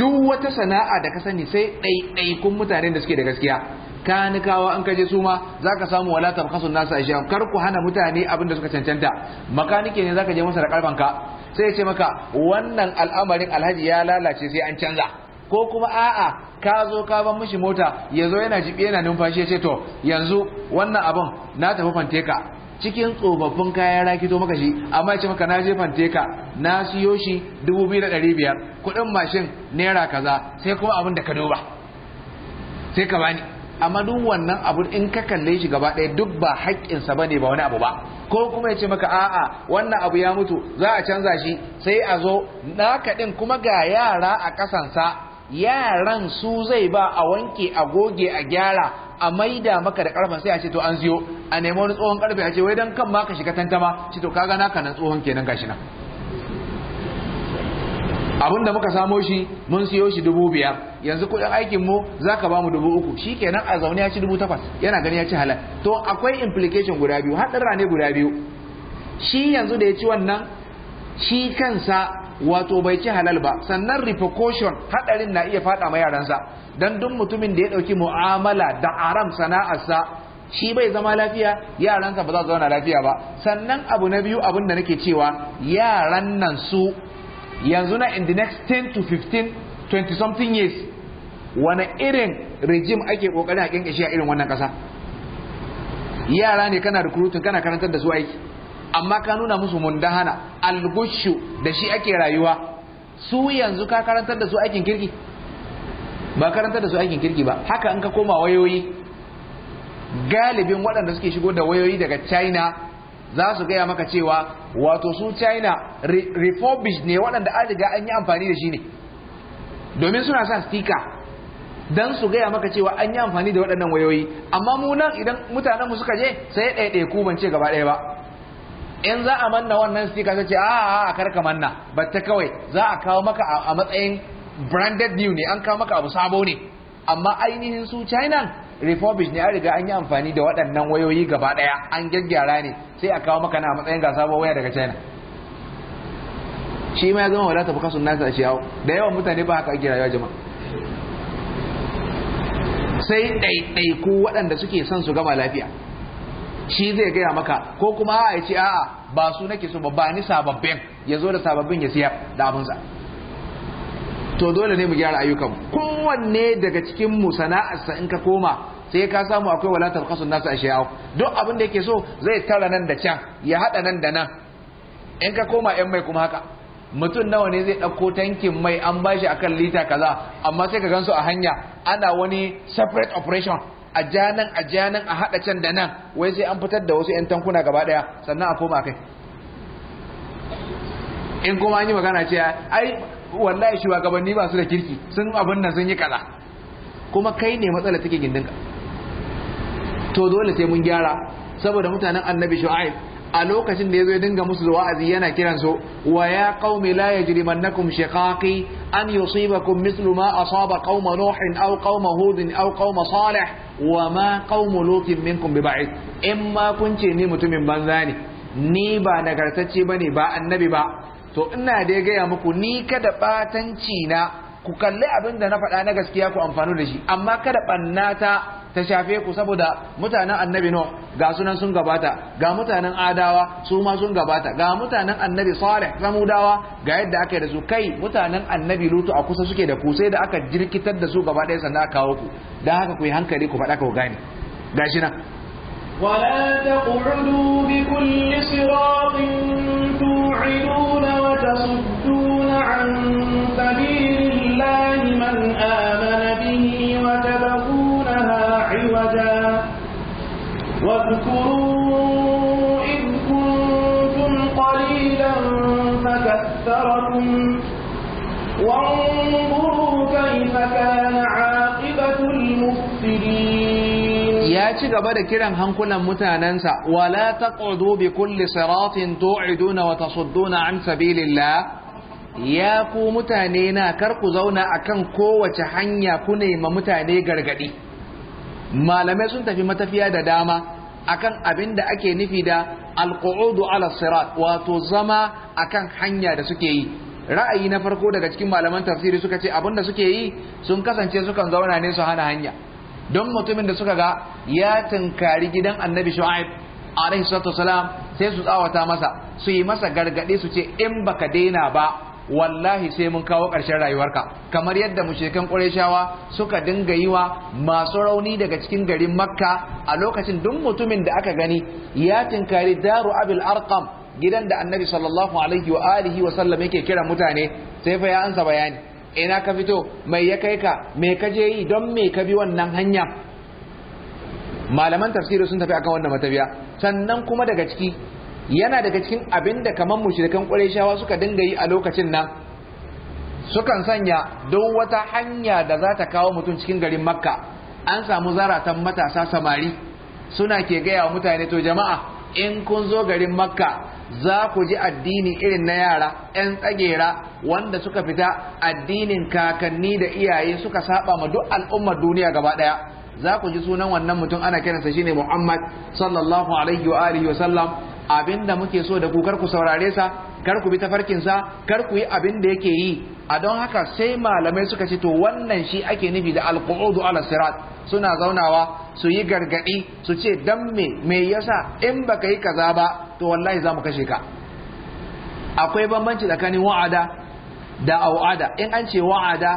duk wata sana'a da ka sani sai ɗaiɗaikun mutanen da suke da gaskiya kanikawa an kaje su ma ka samu wala nasa nasu ashiya kar ku hana mutane abin da suka cancanta makanike ne zaka je masa da karfanka sai ya ce maka wannan al'amarin alhaji ya lalace sai an canza ko kuma a'a ka zo ka ban mishi mota ya zo yana jibi yana numfashi ya ce to yanzu wannan abin na tafi fanteka cikin tsofaffin kayan rakito maka shi amma ya ce maka na je fanteka na siyo shi dubu biyu da ɗari biyar kuɗin mashin naira kaza sai kuma abin da ka duba sai ka bani amma duk wannan abu in ka kalle shi gaba ɗaya duk ba haƙƙinsa ba ne ba wani abu ba ko kuma ya ce maka a'a wannan abu ya mutu za a canza shi sai a zo naka ɗin kuma ga yara a ƙasansa yaran su zai ba a wanke a goge a gyara a maida maka da ƙarfin sai a ce to an ziyo a nemi wani tsohon ƙarfe a ce wai don kan ma ka shiga tantama ce to kaga naka nan tsohon kenan gashi nan abin da muka samo shi mun siyo shi dubu biyar yanzu kuɗin aikin mu za ka bamu dubu uku shi kenan a zaune ya ci dubu takwas yana gani ya ci halal to akwai implication guda biyu haɗin rane guda biyu shi yanzu da ya ci wannan shi kansa wato bai ci halal ba sannan repercussion haɗarin na iya faɗa ma yaransa dan duk mutumin da ya ɗauki mu'amala da aram sana'arsa shi bai zama lafiya yaransa ba za su zauna lafiya ba sannan abu na biyu abin da nake cewa yaran nan su yanzu na in the next 10 to 15 20 something years wani irin regime ake kokarin a kyankashi a irin wannan kasa yara ne kana recruiting kana karantar da su aiki amma ka nuna musu mundahana algushu da shi ake rayuwa su yanzu ka karantar da su aikin kirki ba karantar da su aikin kirki ba haka in ka koma wayoyi galibin waɗanda suke shigo da wayoyi daga china za su gaya maka cewa wato su china refurbish ne waɗanda an riga an yi amfani da shi ne domin suna sa stika don su gaya maka cewa an yi amfani da waɗannan wayoyi amma mu nan idan mutanen mu suka je sai ya ɗaiɗaya ku ban ce gaba ɗaya ba in za a manna wannan stika sai ce a a karka manna ta kawai za a kawo maka a matsayin branded new ne an kawo maka abu sabo ne amma ainihin su china refurbish ne an riga an yi amfani da waɗannan wayoyi gaba ɗaya an gyaggyara ne sai a kawo maka na matsayin gasa ba waya daga china shi ma ya zama wadata buka bukasun nasa a da yawan mutane ba haka gira yawa jima. sai ɗaiɗaiku waɗanda suke son su gama lafiya shi zai gaya maka ko kuma a ce a'a ba su nake su ba ni sababbin ya zo da sababbin ya siya da abinsa to dole ne mu gyara ayyukan kowanne daga cikin mu sana'arsa in ka koma sai ka samu akwai wala tarkasun nasu a shiyawo duk abin da yake so zai tara nan da can ya haɗa nan da nan in ka koma yan mai kuma haka mutum nawa ne zai ɗauko tankin mai an bashi akan lita kaza amma sai ka gansu a hanya ana wani separate operation a janan a janan a haɗa can da nan wai sai an fitar da wasu 'yan tankuna gaba ɗaya sannan a koma kai in kuma an yi magana ce ai wallahi shugabanni ba su da kirki sun abin nan sun yi kaza kuma kai ne matsala take gindinka to dole sai mun gyara saboda mutanen annabi shu'aib a lokacin da ya zo ya dinga musu wa'azi yana kiran su wa ya qaumi la yajrimannakum shiqaqi an yusibakum mithlu ma asaba qauma nuh aw qauma hud aw qauma salih wa ma qaumu lutin minkum biba'id in ma kun ce ni mutumin banza ne ni ba nagartacce bane ba annabi ba to ina da ya gaya muku ni kada batanci na ku kalli abin da na faɗa na gaskiya ku amfani da shi amma kada ɓannata ta shafe ku saboda mutanen annabi no ga sunan sun gabata ga mutanen adawa su ma sun gabata ga mutanen annabi salih samudawa ga yadda aka yi da su kai mutanen annabi lutu a kusa suke da ku sai da aka jirkitar da su gaba ɗaya sannan aka kawo ku don haka ku yi hankali ku faɗa ku gane gashi nan ولا تقعدوا بكل صراط توعدون وتصدون عن سبيل الله من آمن به وتبغونها عوجا واذكروا إذ كنتم قليلا فكثركم وانظروا كيف كان عاقبة المفسدين ya ci gaba da kiran hankulan mutanensa wala taqudu bi kulli siratin tu'iduna wa tasudduna an sabilillah ya ku mutane na kar ku zauna akan kowace hanya ku nema mutane gargadi malamai sun tafi matafiya da dama akan abin da ake nufi da alqu'udu ala sirat wato zama akan hanya da suke yi ra'ayi na farko daga cikin malaman tafsiri suka ce abin da suke yi sun kasance sukan zauna ne su hana hanya don mutumin da suka ga ya tunkari gidan annabi shu'aib alaihi salatu wasalam sai su tsawata masa su yi masa gargaɗe su ce in baka daina ba wallahi sai mun kawo ƙarshen rayuwarka kamar yadda mushrikan ƙurayshawa suka dinga yi wa masu rauni daga cikin garin makka a lokacin duk mutumin da aka gani ya tinkari daru abil arqam gidan da annabi sallallahu alaihi wa alihi wa sallam yake kiran mutane sai fa ya ansa bayani ina ka fito mai ya kai ka me ka je yi don me ka bi wannan hanya malaman tafsiri sun tafi akan wannan matabiya sannan kuma daga ciki yana daga cikin abin da kaman mushrikan qurayshawa suka dinga yi a lokacin nan sukan sanya don wata hanya da za ta kawo mutum cikin garin makka an samu zaratan matasa samari suna ke gaya wa mutane to jama'a in kun zo garin makka za ku ji addini irin na yara 'yan tsagera wanda suka fita addinin kakanni da iyaye suka saba ma duk al'ummar duniya gaba ɗaya za ku ji sunan wannan mutum ana kiransa shine Muhammad sallallahu alaihi wa alihi wa sallam Abin da muke so da ku kar ku saurare sa kar ku bi tafarkin sa kar ku yi abin da yake yi a don haka sai malamai suka ce to wannan shi ake nufi da alqu'udu ala sirat suna zaunawa su yi gargadi su ce dan me me yasa in baka yi kaza ba to wallahi za mu kashe ka akwai bambanci tsakanin wa'ada da au'ada in an ce wa'ada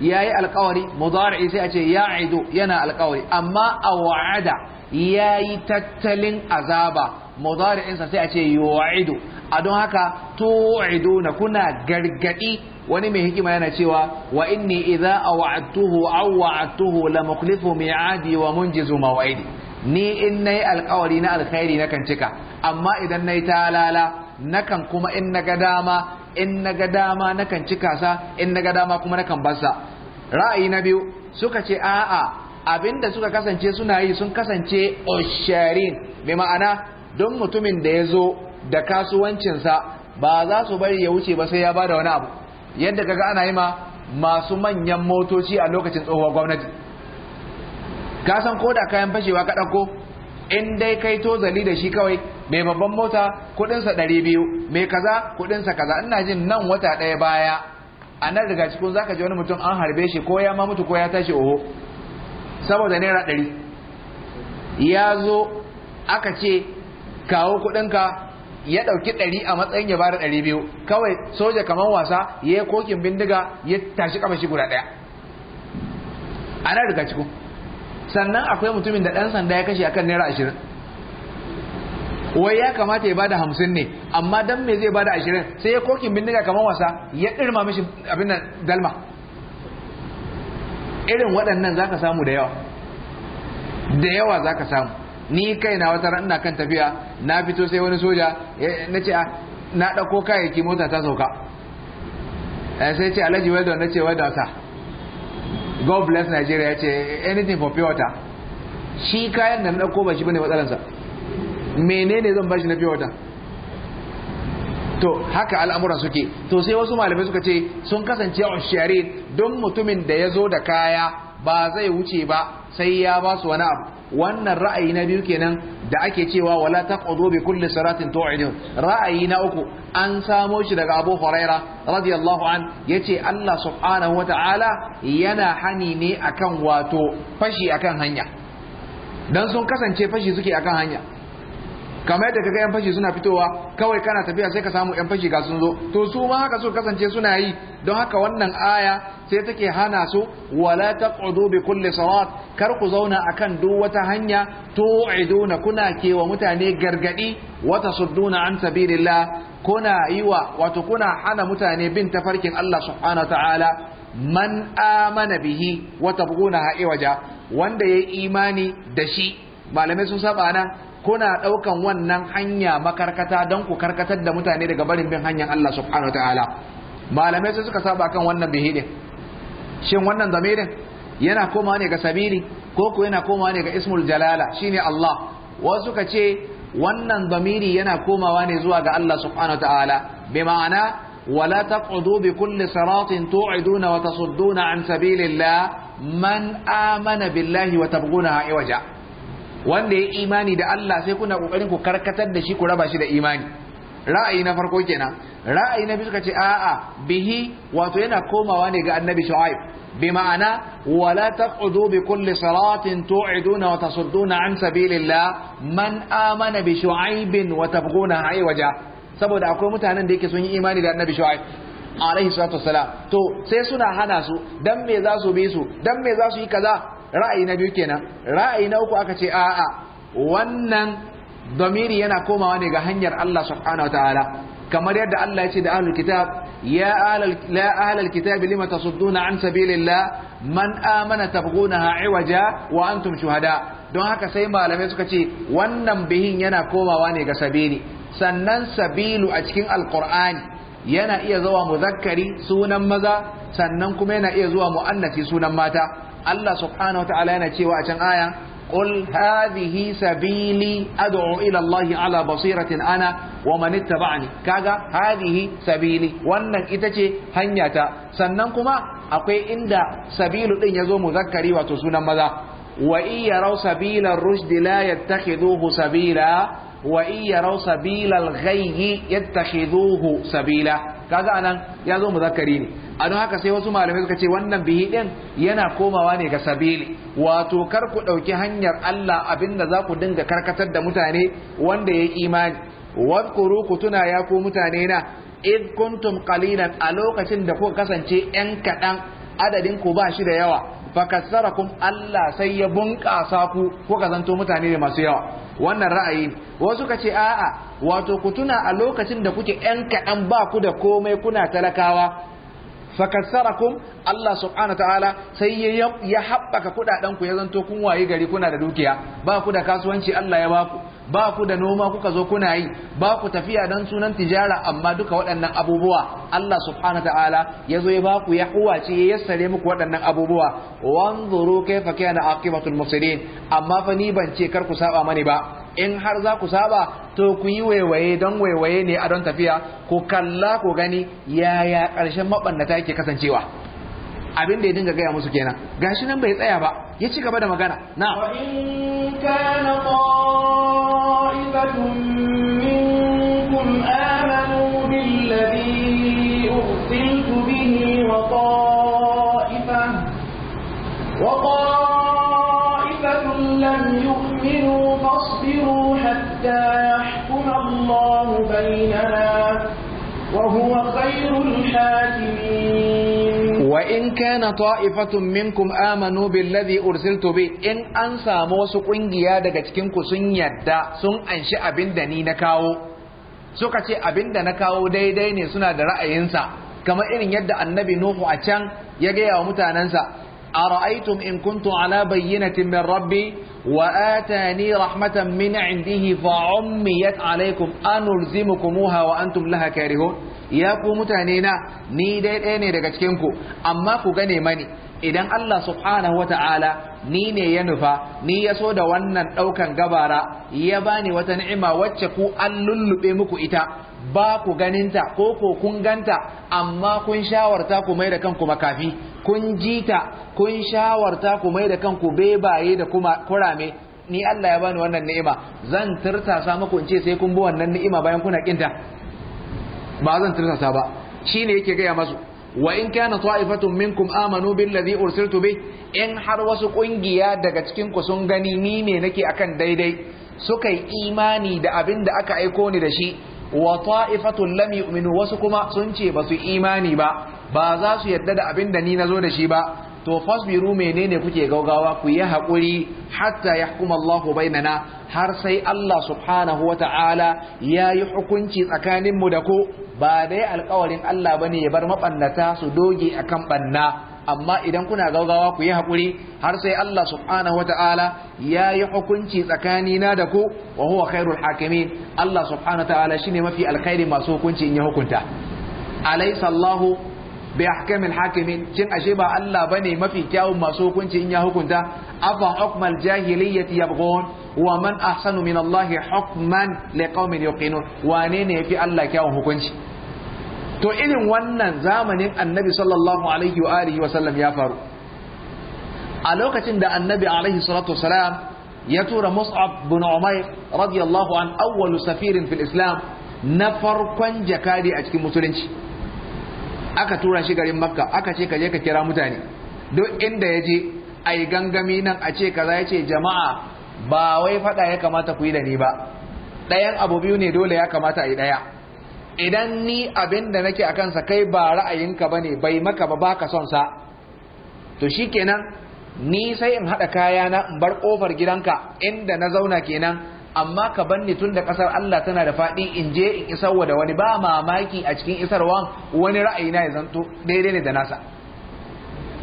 yayi yi alkawari mudari sai a ce ya aido yana alkawari amma au'ada yayi tattalin azaba insa sai a ce yu'idu a don haka na kuna gargadi wani mai hikima yana cewa wa inni idza awa'tuhu awa'tuhu la mukhlifu mi'adi wa munjizu maw'idi ni in nayi alƙawari na alkhairi na kan cika amma idan nayi talala nakan kuma in naga dama in naga dama nakan cika sa in naga dama kuma nakan basa ra'ayi na biyu suka ce a'a abinda suka kasance suna yi sun kasance usharin bi ma'ana don mutumin da ya zo da kasuwancinsa ba za su bari ya wuce ba sai ya ba da wani abu yadda ga ana yi ma masu manyan motoci a lokacin tsohuwar gwamnati ka san ko da kayan fashewa ka ɗauko in dai kai tozali da shi kawai mai babban mota kuɗinsa ɗari biyu mai kaza kuɗinsa kaza ina jin nan wata ɗaya baya a nan daga cikin zaka ji wani mutum an harbe shi ko ya ma mutu ko ya tashi oho saboda naira ɗari ya zo aka ce kawo kudinka ya ɗauki ɗari a matsayin ya bada ɗari biyu kawai soja kamar wasa ya yi kokin bindiga ya tashi kamashi guda ɗaya ana daga ciku sannan akwai mutumin da dan sanda ya kashe akan naira ashirin wai ya kamata ya bada hamsin ne amma dan me zai bada ashirin sai ya kokin bindiga kamar wasa ya ɗirma mishi abin nan dalma irin waɗannan za ka samu da yawa da yawa za ka samu ni kaina wata ran ina kan tafiya na fito sai wani soja na ce na ɗauko kayayyaki mota ta sauka eh, sai ce alhaji wadda na ce wadda sa god bless nigeria ya ce anything for pure water shi kayan da na ɗauko ba shi bane matsalansa menene zan bashi na pure water to haka al'amura suke to sai wasu malamai suka ce sun kasance a don mutumin da ya zo da kaya ba zai wuce ba sai ya ba su wani abu wannan ra'ayi na biyu kenan da ake cewa wala taqudu bi kulli salatin tu'idun ra'ayi na uku an samo shi daga Abu Huraira radiyallahu an yace Allah subhanahu wata'ala yana hani ne akan wato fashi akan hanya dan sun kasance fashi suke akan hanya kamar yadda kaga yan fashi suna fitowa kawai kana tafiya sai ka samu yan fashi ga sun zo to su ma haka su kasance suna yi don haka wannan aya sai take hana su wala taqudu bi kulli sirat kar ku zauna akan duk wata hanya na kuna kewa mutane gargadi wa tasudduna an sabilillah kuna yiwa wato kuna hana mutane bin tafarkin Allah subhanahu ta'ala man amana bihi wa tabghuna ha'iwaja wanda yayi imani da shi malamai sun saba na kuna ɗaukan wannan hanya makarkata don ku karkatar da mutane daga barin bin hanyar Allah subhanahu wa ta'ala malamai sai suka saba kan wannan bihidin shin wannan zamirin yana komawa ne ga sabili ko ko yana komawa ne ga ismul jalala shine Allah wasu ka ce wannan zamiri yana komawa ne zuwa ga Allah subhanahu wa ta'ala bi ma'ana wala taq'udu bi kulli siratin tu'iduna wa tasudduna an sabilillah man amana billahi wa tabghunaha iwaja wanda ya imani da Allah sai kuna kokarin ku karkatar da shi ku raba shi da imani ra'ayi na farko kenan ra'ayi na biyu suka ce a'a bihi wato yana komawa ne ga annabi shu'aib bi ma'ana wala taqudu bi kulli salatin tu'iduna wa tasudduna an sabilillah man amana bi shu'aibin wa tabghuna aywaja saboda akwai mutanen da yake son yi imani da annabi shu'aib alaihi salatu wassalam to sai suna hana su dan me za su bi su dan me za su yi kaza ra'ayi na biyu kenan ra'ayi na uku aka ce a'a wannan domini yana komawa ne ga hanyar Allah subhanahu wataala kamar yadda Allah ya ce da ahlul kitab ya ahlal la ahlul kitab lima tasudduna an sabilillah man amana tabghunaha iwaja wa antum shuhada don haka sai malamai suka ce wannan bihin yana komawa ne ga sabili sannan sabilu a cikin alqur'ani yana iya zuwa muzakkari sunan maza sannan kuma yana iya zuwa mu'annati sunan mata Allah subhanahu wataala yana cewa a can aya qul hadhihi sabili ad'u ila Allah ala basiratin ana wa man ittaba'ani kaga hadhihi sabili wannan ita ce hanyata sannan kuma akwai inda sabilu ɗin yazo muzakkari wato sunan maza wa in yaraw sabila rushd la yattakhiduhu sabila wa iya raw sabilal ghayyi yattakhiduhu sabila kaga anan ya zo muzakkari ne a don haka sai wasu malamai suka ce wannan bihi din yana komawa ne ga sabili wato kar ku ɗauki hanyar Allah abinda za ku dinga karkatar da mutane wanda ya imani wadkuru ku tuna ya ku mutane na in kuntum qalilan a lokacin da kuka kasance yan kaɗan adadin ku ba shi da yawa fakassarakum Allah sai ya bunƙasa ku ko ka zanto mutane ne masu yawa wannan ra'ayi wasu ka ce a'a wato ku tuna a lokacin da kuke ƴan kaɗan ba ku da komai kuna talakawa fakassarakum Allah subhanahu ta'ala sai ya haɓaka kuɗaɗen ku ya zanto kun waye gari kuna da dukiya ba ku da kasuwanci Allah ya baku ba ku da noma kuka zo kuna yi ba ku tafiya dan sunan tijara amma duka waɗannan abubuwa Allah subhanahu ta'ala ya zo ya ba ku ya ce ya yassare muku waɗannan abubuwa wanzuru kaifa kana aqibatul musirin amma fa ni ban ce kar ku saba mani ba in har za ku saba to ku yi waiwaye don waiwaye ne a don tafiya ku kalla ku gani yaya ƙarshen mabannata yake kasancewa abin da ya dinga gaya musu kenan gashi nan bai tsaya ba ya ci gaba da magana na wa in kana qa'ibatun minkum amanu billadhi ursiltu bihi wa qa'ifa wa qa'ifatun lam yu'minu fasbiru hatta yahkuma Allahu bainana wa huwa khayrul hakimin Wai in kenan twa ifatun min Amanu bin Labiyu Urzitu bi in an samu wasu ƙungiya daga cikinku sun yadda sun anshi abin da ni na kawo suka ce abin da na kawo daidai ne suna da ra'ayinsa kamar irin yadda Annabi Nuhu a can ya gaya wa mutanansa. أرأيتم إن كنت على بينة من ربي وآتاني رحمة من عنده فعميت عليكم أنلزمكموها وأنتم لها كارهون ya ku mutane na ni dai ɗaya ne daga cikin ku amma ku gane mani idan Allah subhanahu Ta'ala ni ne ya nufa ni ya so da wannan ɗaukan gabara ya bani wata ni'ima wacce ku an lullube muku ita ba ku ganinta ko ko kun ganta amma kun shawarta ku mai da kanku makafi kun jita kun shawarta ku mai da kanku bebaye da kuma kurame ni Allah ya bani wannan ni'ima zan tirtasa muku in ce sai kun bi wannan ni'ima bayan kuna kinta ba zan tirtasa ba shine yake gaya masu wa in kana ta'ifatun minkum amanu billazi ursiltu bi in har wasu kungiya daga cikin ku sun gani ni ne nake akan daidai suka yi imani da abin da aka aiko ni da shi wa ta'ifatun lam yu'minu wasu kuma sun ce ba su imani ba ba za su yadda da abin da ni nazo da shi ba to fasbiru menene kuke gaugawa ku yi haƙuri hatta yahkuma Allahu bainana har sai Allah subhanahu wata'ala yi hukunci tsakanin mu da ku ba dai alƙawarin Allah bane ya bar mabannata su doge akan banna amma idan kuna gaugawa ku yi haƙuri har sai Allah subhanahu ta'ala ya yi hukunci tsakanina da ku wa huwa khairul hakimin Allah subhanahu wata'ala shine mafi alkhairi masu hukunci in ya hukunta alaysa Allahu bi ahkamil hakimin cin ashe ba Allah bane mafi kyawun masu hukunci in ya hukunta afa hukmal jahiliyyati yabghun wa man ahsanu min Allah hukman liqaumin yuqinun wane ne fi Allah kyawun hukunci to irin wannan zamanin annabi sallallahu alaihi wa alihi wa sallam ya faru a lokacin da annabi alaihi salatu wasalam ya tura mus'ab bin umair radiyallahu an awwalu safirin fil islam na farkon jakadi a cikin musulunci aka tura shi garin makka aka ce ka je ka kira mutane duk inda ya je a yi gangami nan a ce kaza ya ce jama'a ba wai faɗa ya kamata ku yi da ni ba ɗayan abu biyu ne dole ya kamata a yi ɗaya idan ni abin da nake a kansa kai ba ra'ayinka ba ne bai maka ba baka son sa to shi kenan ni sai in haɗa na, in bar ƙofar gidanka inda na zauna kenan amma ka banni tun da ƙasar Allah tana da faɗi in je in isarwa da wani ba mamaki a cikin isarwa wani ra'ayi na ya zanto daidai ne da nasa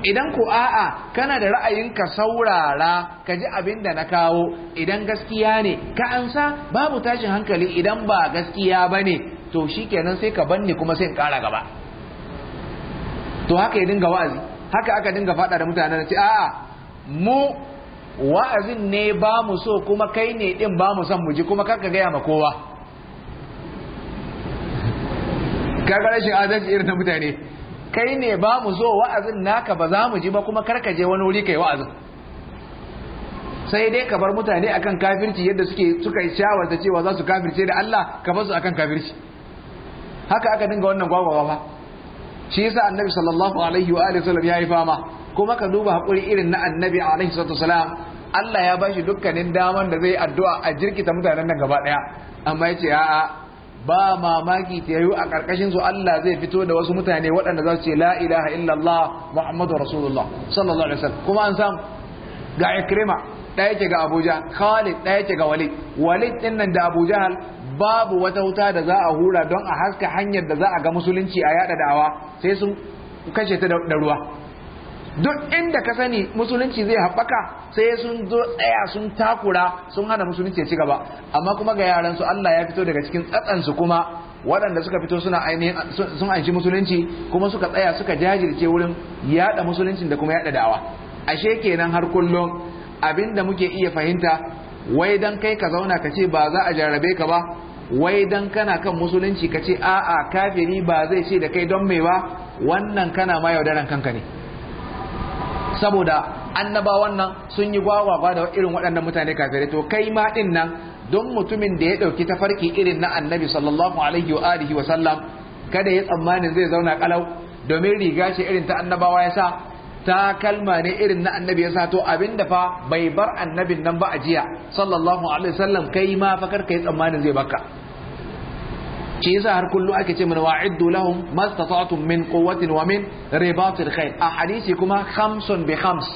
idan ku a'a kana da ra'ayinka saurara ka ji abin da na kawo idan gaskiya ne ka ansa babu tashin hankali idan ba gaskiya ba ne to shi kenan sai ka banne kuma sai in kara gaba to haka ya dinga wa'azi haka aka dinga fada da mutane da ce a'a mu wa'azin ne ba mu so kuma kai ne din ba mu son mu ji kuma kaka gaya ma kowa kaga shi adalci irin na mutane kai ne ba mu so wa'azin naka ba za mu ji ba kuma karka je wani wuri kai wa'azin sai dai ka bar mutane akan kafirci yadda suke suka yi shawarta cewa za su kafirce da Allah ka bar su akan kafirci haka aka dinga wannan gwagwawa ba shi yasa annabi sallallahu alaihi wa alihi sallam yayi fama kuma ka duba hakuri irin na annabi alaihi salatu wasalam Allah ya bashi dukkanin daman da zai addu'a a jirkita mutanen nan gaba daya amma yace a'a ba mamaki ta yayu a karkashin su Allah zai fito da wasu mutane waɗanda za su ce la ilaha illallah muhammadu rasulullah sallallahu alaihi wasallam kuma an san ga ikrima ɗaya ke ga abuja khalid ɗaya ke ga walid walid ɗin nan da Abuja babu wata wuta da za a hura don a haska hanyar da za a ga musulunci a yada da'awa sai sun kashe ta da ruwa duk inda ka sani musulunci zai haɓaka sai sun zo tsaya sun takura sun hana musulunci ya ci gaba amma kuma ga yaran su Allah ya fito daga cikin su kuma waɗanda suka fito suna ainihin sun anshi musulunci kuma suka tsaya suka jajirce wurin yada musuluncin da kuma yada da'awa ashe kenan har kullum Abin da muke iya fahimta wai dan kai ka zauna ka ce ba za a jarrabe ka ba wai dan kana kan musulunci ka ce a'a kafiri ba zai ce da kai don mai ba wannan kana ma yaudaran kanka ne saboda annaba wannan sun yi gwagwagwa da irin waɗannan mutane kafiri to kai ma din nan don mutumin da ya ɗauki tafarki irin na annabi sallallahu alaihi wa alihi wa sallam kada ya tsammanin zai zauna kalau domin riga ce irin ta annabawa ya sa takalma ne irin na annabi ya sato abinda fa bai bar annabin nan ba a jiya sallallahu alaihi wasallam kai ma fa karka yi tsammanin zai baka shi yasa har kullu ake ce mana wa'iddu lahum mastata'tum min quwwatin wa min ribatil khayl a hadisi kuma khamsun bi khams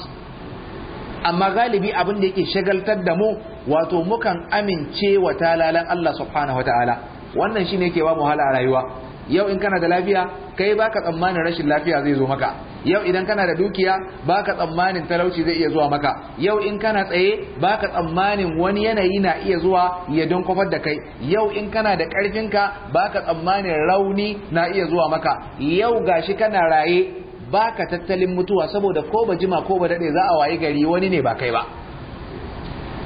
amma galibi abin da yake shagaltar da mu wato mukan amince wa talalan Allah subhanahu Ta'ala. wannan shine yake ba mu hala a rayuwa yau in kana da lafiya kai baka tsammanin rashin lafiya zai zo maka yau idan kana da dukiya baka tsammanin talauci zai iya zuwa maka yau in kana tsaye baka tsammanin wani yanayi na iya zuwa ya don kwafar da kai yau in kana da ƙarfinka baka tsammanin rauni na iya zuwa maka yau gashi kana raye baka tattalin mutuwa saboda ko ba jima ko ba dade za a wayi gari wani ne ba kai ba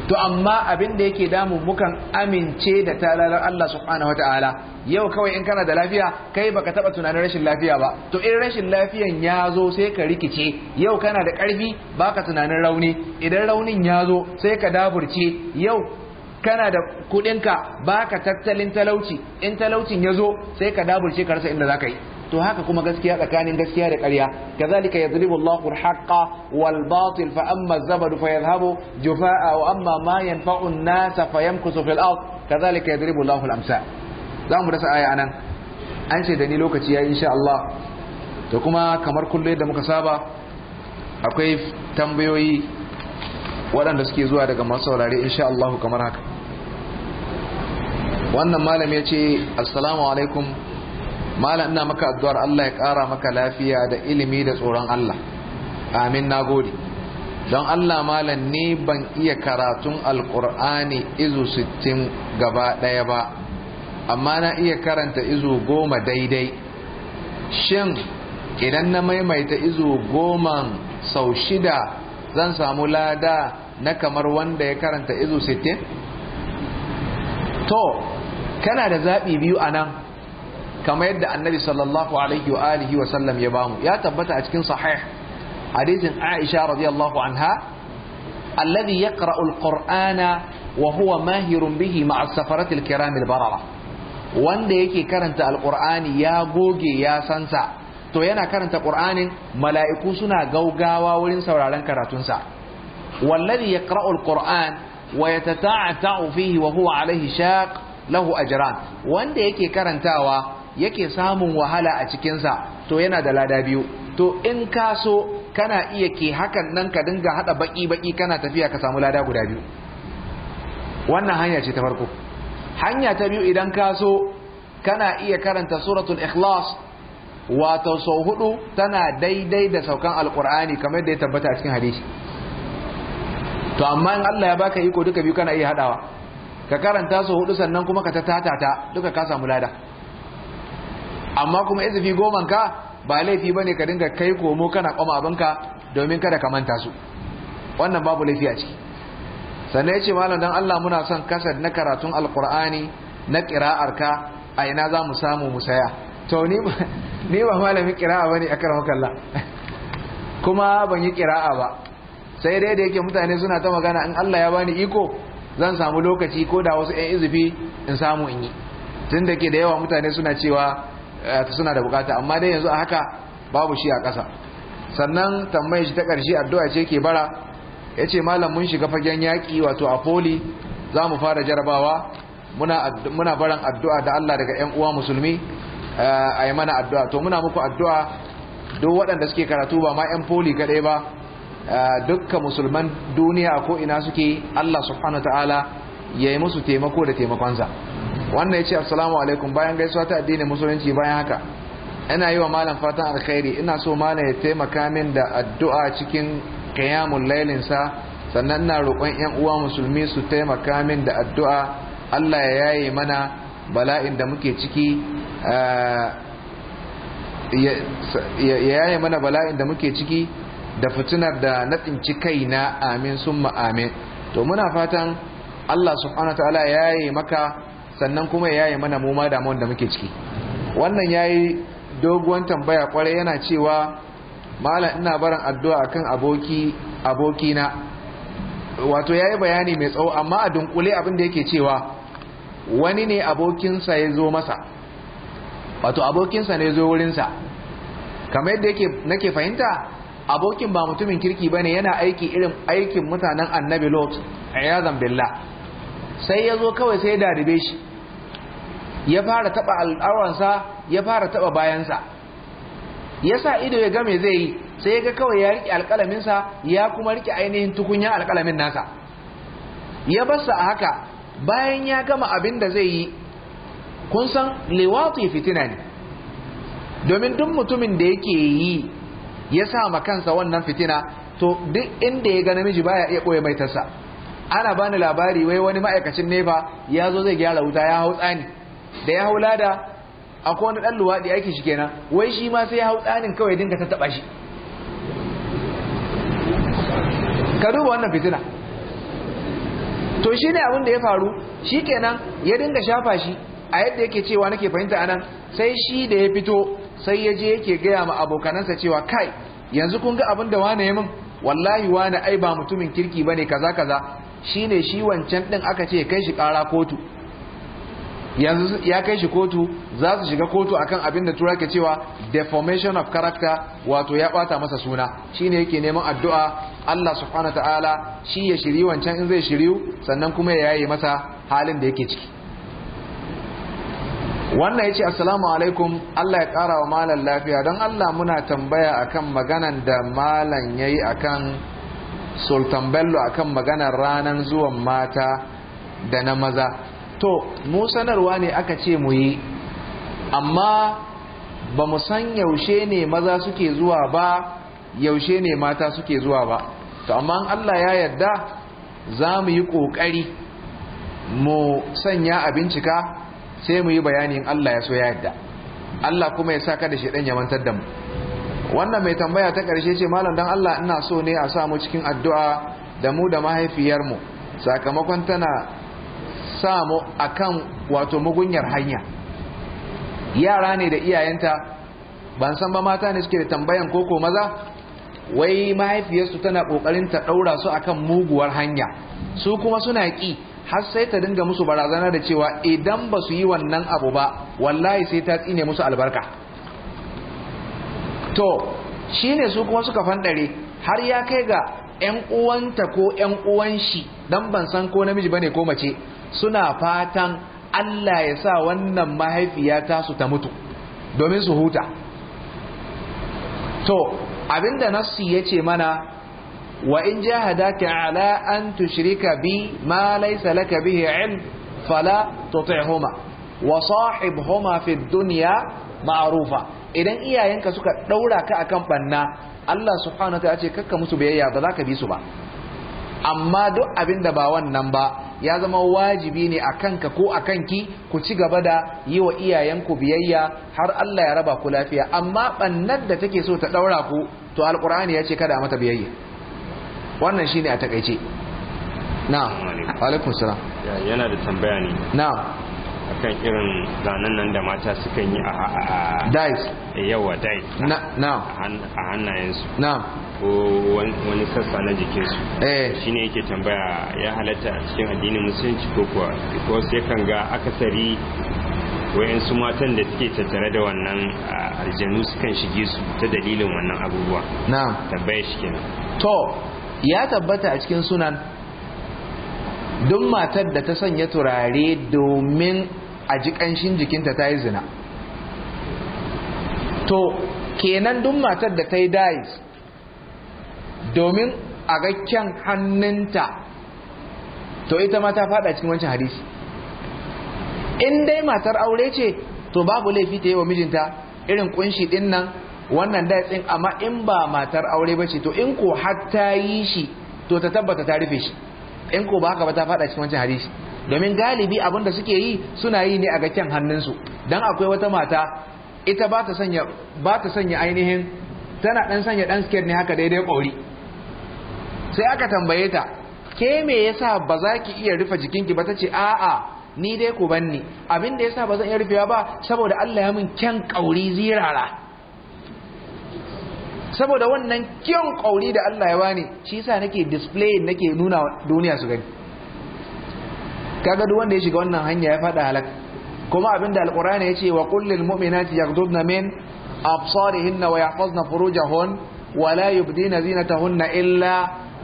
to amma abin da yake damu mukan amince da talalar Allah subhanahu wataala yau kawai in kana da lafiya kai baka taba tunanin rashin lafiya ba to in rashin lafiyan ya zo sai ka rikice yau kana da karfi baka tunanin rauni idan raunin ya zo sai ka daburce yau kana da kudinka baka tattalin talauci in talaucin ya zo sai ka daburce ka rasa inda za ka yi to haka kuma gaskiya tsakanin gaskiya da ƙarya kazalika yadribu Allahu al-haqqa wal batil fa amma az-zabadu fayadhhabu jufaa'a wa amma ma yanfa'u an-nasa fayamkusu fil ard kazalika yadribu Allahu al-amsal mu dasa aya anan an ce da ni lokaci ya insha Allah to kuma kamar kullum da muka saba akwai tambayoyi waɗanda suke zuwa daga masu saurare insha Allah kamar haka wannan malam ya ce assalamu alaikum malam ina maka addu'ar Allah ya ƙara maka lafiya da ilimi da tsoron Allah amin nagode don Allah malam ne ban iya karatun alkur'ani izu 60 gaba ɗaya ba amma na iya karanta izu goma daidai shin idan na maimaita izu goma sau shida zan samu lada na kamar wanda ya karanta izu 60 to kana da zaɓi biyu a nan kamar yadda annabi sallallahu alaihi wa alihi wa sallam ya bamu ya tabbata a cikin sahih hadisin aisha radiyallahu anha alladhi yaqra'u alqur'ana wa huwa mahirun bihi ma'a safarati alkiram albarara wanda yake karanta alqur'ani ya goge ya sansa to yana karanta qur'anin mala'iku suna gaugawa wurin sauraron karatunsa wallazi yaqra'u alquran wa yatata'atu fihi wa huwa alaihi shaq lahu ajran wanda yake karantawa yake samun wahala a cikinsa to yana da lada biyu to in ka so kana iya ke hakan nan ka dinga hada baki-baki kana tafiya ka samu lada guda biyu wannan hanya ce ta farko hanya ta biyu idan ka so kana iya karanta suratul ikhlas wato sau hudu tana daidai da saukan alkur'ani kamar da ya tabbata a cikin hadisi to amma in Allah ya baka iko duka biyu kana iya hadawa ka karanta sau hudu sannan kuma ka ta tatata duka ka samu lada amma kuma izifi goman ka ba laifi bane ka dinga kai komo kana kwama abinka domin kada ka manta su wannan babu laifi a ciki sannan ya ce malam dan Allah muna son kasar na karatun alkur'ani na kira'ar ka a ina za mu samu mu saya to ni ba malamin kira'a bane a karamakallah kuma ban yi kira'a ba sai dai da yake mutane suna ta magana in Allah ya bani iko zan samu lokaci ko da wasu 'yan izufi in samu in yi tun da ke da yawa mutane suna cewa Eh, suna da bukata amma dai yanzu a haka babu shi a ƙasa sannan tambayin shi ta karshe addu'a ce ke bara ya ce malam mun shiga fagen yaƙi wato a foli za mu fara jarabawa muna baran addu'a da Allah daga ‘yan uwa musulmi eh, a yi mana addu'a to muna muku addu'a duk waɗanda suke karatu ba ma ‘yan foli kaɗai ba eh, dukkan musulman duniya a ko'ina suke Allah subhanahu ta'ala ya yi musu taimako da taimakonsa wannan ya ce assalamu alaikum bayan gaisuwa ta addinin musulunci bayan haka ina yi wa malam fatan alkhairi ina so malam ya taimaka min da addu'a cikin kayamun lailin sa sannan na roƙon yan uwa musulmi su taimaka min da addu'a Allah ya yaye mana bala'in da muke ciki eh, ya yaye mana bala'in da muke ciki da fitinar da na tsinci kaina amin summa amin to muna fatan Allah subhanahu ta'ala ya yi maka sannan kuma ya yaye mana mu da damuwan da muke ciki wannan yayi doguwan tambaya kwarai yana cewa malam ina barin addu'a akan aboki aboki na wato yayi bayani mai tsawo amma a dunkule abin da yake cewa wani ne abokinsa ya zo masa wato abokinsa ne zo wurinsa kamar yadda yake nake fahimta abokin ba mutumin kirki ba ne yana aiki irin aikin mutanen annabi lot yazan billah sai ya zo kawai sai ya daribe shi ya fara taba al'awansa ya fara taba bayansa ya sa ido ya ga zai yi sai ya ga kawai ya riƙe alƙalaminsa ya kuma riƙe ainihin tukunya alƙalamin nasa ya basa a haka bayan ya gama abin da zai yi kun san ya fitina ne domin duk mutumin da yake yi ya sa ma kansa wannan fitina to duk inda ya ga namiji baya iya ɓoye maitarsa ana bani labari wai wani ma'aikacin nefa ya zo zai gyara wuta ya hau tsani da ya hau lada akwai wani ɗan luwaɗi aiki shi kenan wai shi ma sai ya hau tsanin kawai dinga ta taɓa shi ka duba wannan fitina to shi ne abin da ya faru shi kenan ya dinga shafa shi a yadda yake cewa nake fahimta anan sai shi da ya fito sai ya je yake gaya ma abokanansa cewa kai yanzu kun ga abin da wane ya min wallahi wane ai ba mutumin kirki ba ne kaza kaza ne shi wancan ɗin aka ce kai shi ƙara kotu yanzu ya kai shi kotu za su shiga kotu akan abin da tura ke cewa deformation of character wato ya ɓata masa suna shi ne yake neman addu'a Allah subhanahu ta'ala shi ya shiri wancan in zai shiriyu sannan kuma ya yi masa halin da yake ciki wannan ya ce, assalamu alaikum Allah ya ƙara wa malan lafiya don Allah muna tambaya akan maganan da malan yi akan sultan bello akan maganar ranar zuwan mata da na maza to mu sanarwa ne aka ce mu yi amma ba mu san yaushe ne maza suke zuwa ba yaushe ne mata suke zuwa ba to amma Allah ya yarda za mu yi ƙoƙari mu sanya a bincika sai mu yi bayanin Allah ya so ya yarda Allah kuma ya sa kada shi ɗan ya da mu wannan mai tambaya ta karshe ce malam dan Allah ina so ne a samu cikin addu'a da mu da mahaifiyarmu sakamakon tana samu akan wato mugunyar hanya yara ne da iyayenta ban san ba mata ne suke da tambayan koko maza wai mahaifiyarsu tana kokarin ta daura su akan muguwar hanya su kuma suna ki har sai ta dinga musu barazana da cewa idan ba su yi wannan abu ba wallahi sai ta tsine musu albarka to shi ne su kuma suka fandare har ya kai ga ‘yan uwanta ko ‘yan uwan shi don ban san ko namiji bane ko mace suna fatan Allah ya sa wannan mahaifiya su ta mutu domin su huta to abinda nassi ya ce mana wa in ka ala an tushrika bi ma laysa laka bihi ilm fala tuti'huma wa sahibhuma fid dunya ma'rufa idan iyayenka suka ɗaura ka akan ɓanna, Allah subhanahu ta ce kakka musu biyayya ba za ka bi su ba amma duk abin da ba wannan ba ya zama wajibi ne a kanka ko a kanki ku ci gaba da yi wa iyayenku biyayya har Allah ya raba ku lafiya amma bannar da take so ta ɗaura ku to alqur'ani ya ce kada a mata biyayya wannan shine a takaice na alaikum salam yana da tambaya ne na akan irin zanen nan da mata sukan yi a dice eh, yawa dice na a hannayensu na ko wani sassa na jikinsu eh. shi ne yake tambaya ya halatta a cikin addinin musulunci ko kuwa Ko ya kan ga akasari wayansu matan da suke tattare da wannan aljanu sukan shige su ta dalilin wannan abubuwa na tambaya shi kenan to ya tabbata a cikin sunan duk matar da ta sanya turare domin a ji ƙanshin jikinta ta yi zina to kenan don matar da ta yi dais domin a ga kyan hannunta to ita ma ta fada cikin wancan hadisi in dai matar aure ce to babu laifi ta yi wa mijinta irin kunshi din nan wannan dais amma in ba matar aure ba ce to in ko hatta yi shi to ta tabbata ta rufe shi in ko ba haka ba ta fada cikin wancan hadisi domin galibi abin da suke yi suna yi ne a ga kyan hannunsu dan akwai wata mata ita ba ta sanya ainihin tana dan sanya dan sker ne haka daidai kauri sai aka tambaye ta ke me yasa ba za ki iya rufe jikinki ba ta ce a'a ni dai ku banni abin da yasa ba zan iya rufewa ba saboda Allah ya mun kyan kauri zirara saboda wannan kyan kauli da Allah ya wani shi yasa nake display nake nuna duniya su gani kaga duk wanda ya shiga wannan hanya ya fada halaka kuma abinda alqur'ani yace wa qul lil mu'minati yaghdudna min absarihinna wa yahfazna furujahun wa la yubdina zinatahunna illa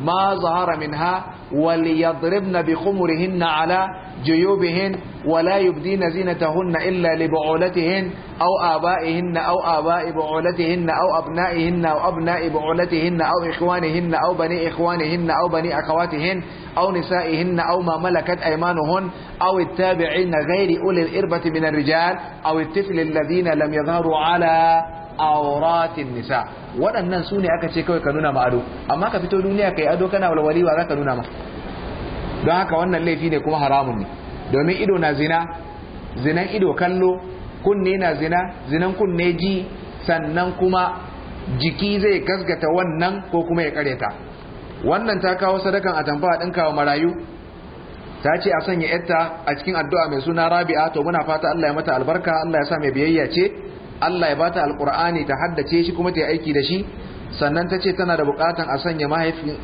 ma zahara minha وليضربن بخمرهن على جيوبهن ولا يبدين زينتهن إلا لبعولتهن أو آبائهن أو آباء بعولتهن أو أبنائهن أو أبناء بعولتهن أو إخوانهن أو بني إخوانهن أو بني أخواتهن أو نسائهن أو ما ملكت أيمانهن أو التابعين غير أولي الإربة من الرجال أو الطفل الذين لم يظهروا على auratin nisa waɗannan su ne aka ce kawai ka nuna ma ado amma ka fito duniya kai ado kana walwali wa ka nuna ma don haka wannan laifi ne kuma haramun ne domin ido na zina zinan ido kallo kunne na zina zinan kunne ji sannan kuma jiki zai gasgata wannan ko kuma ya karyata. wannan ta kawo sadakan atamfa a ɗinka wa marayu ta ce a sanya yarta a cikin addu'a mai suna rabi'a to muna fata Allah ya mata albarka Allah ya sa mai biyayya ce Allah ya bata alqur'ani ta haddace shi kuma ta yi aiki da shi sannan ta ce tana da bukatan a sanya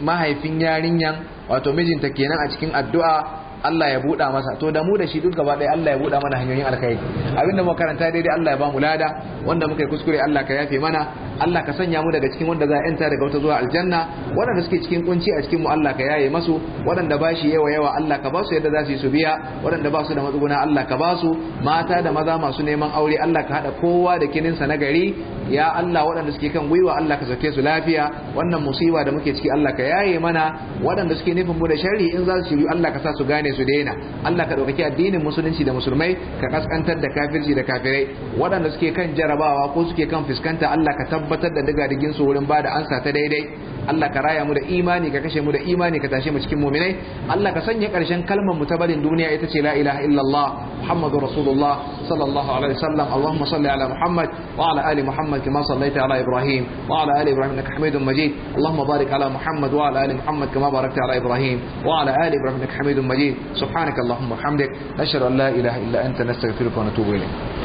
mahaifin yarinyan wato mijinta kenan a cikin addu'a Allah ya buɗa masa to da mu da shi duk gaba ɗaya Allah ya buɗa mana hanyoyin alkhairi abinda muka karanta daidai Allah ya ba mu lada wanda muka yi kuskure Allah ka yafe mana Allah ka sanya mu daga cikin wanda za a yanta daga wata zuwa aljanna waɗanda suke cikin kunci a cikin mu Allah ka yaye masu waɗanda ba shi yawa yawa Allah ka ba yadda za su yi su biya waɗanda ba su da matsuguna Allah ka basu mata da maza masu neman aure Allah ka haɗa kowa da kininsa na gari ya Allah waɗanda suke kan gwiwa Allah ka sauke su lafiya wannan musiba da muke ciki Allah ka yaye mana waɗanda suke nufin mu da sharri in za su shiru Allah ka sa su gane su daina Allah ka ɗaukaki addinin musulunci da musulmai ka kaskantar da kafirci da kafirai waɗanda suke kan jarabawa ko suke kan fuskanta Allah ka tabbata tabbatar da digadigin su wurin bada ansa ta daidai Allah ka raya mu da imani ka kashe mu da imani ka tashe mu cikin mu'minai Allah ka sanya karshen kalmar mu ta barin duniya ita ce la ilaha illallah Muhammadur Rasulullah sallallahu alaihi wasallam Allahumma salli ala Muhammad wa ala ali Muhammad kama sallaita ala Ibrahim wa ala ali Ibrahim innaka Hamidum Majid Allahumma barik ala Muhammad wa ala ali Muhammad kama barakta ala Ibrahim wa ala ali Ibrahim innaka Hamidum Majid subhanaka Allahumma hamdik ashhadu an la ilaha illa anta nastaghfiruka wa natubu ilayk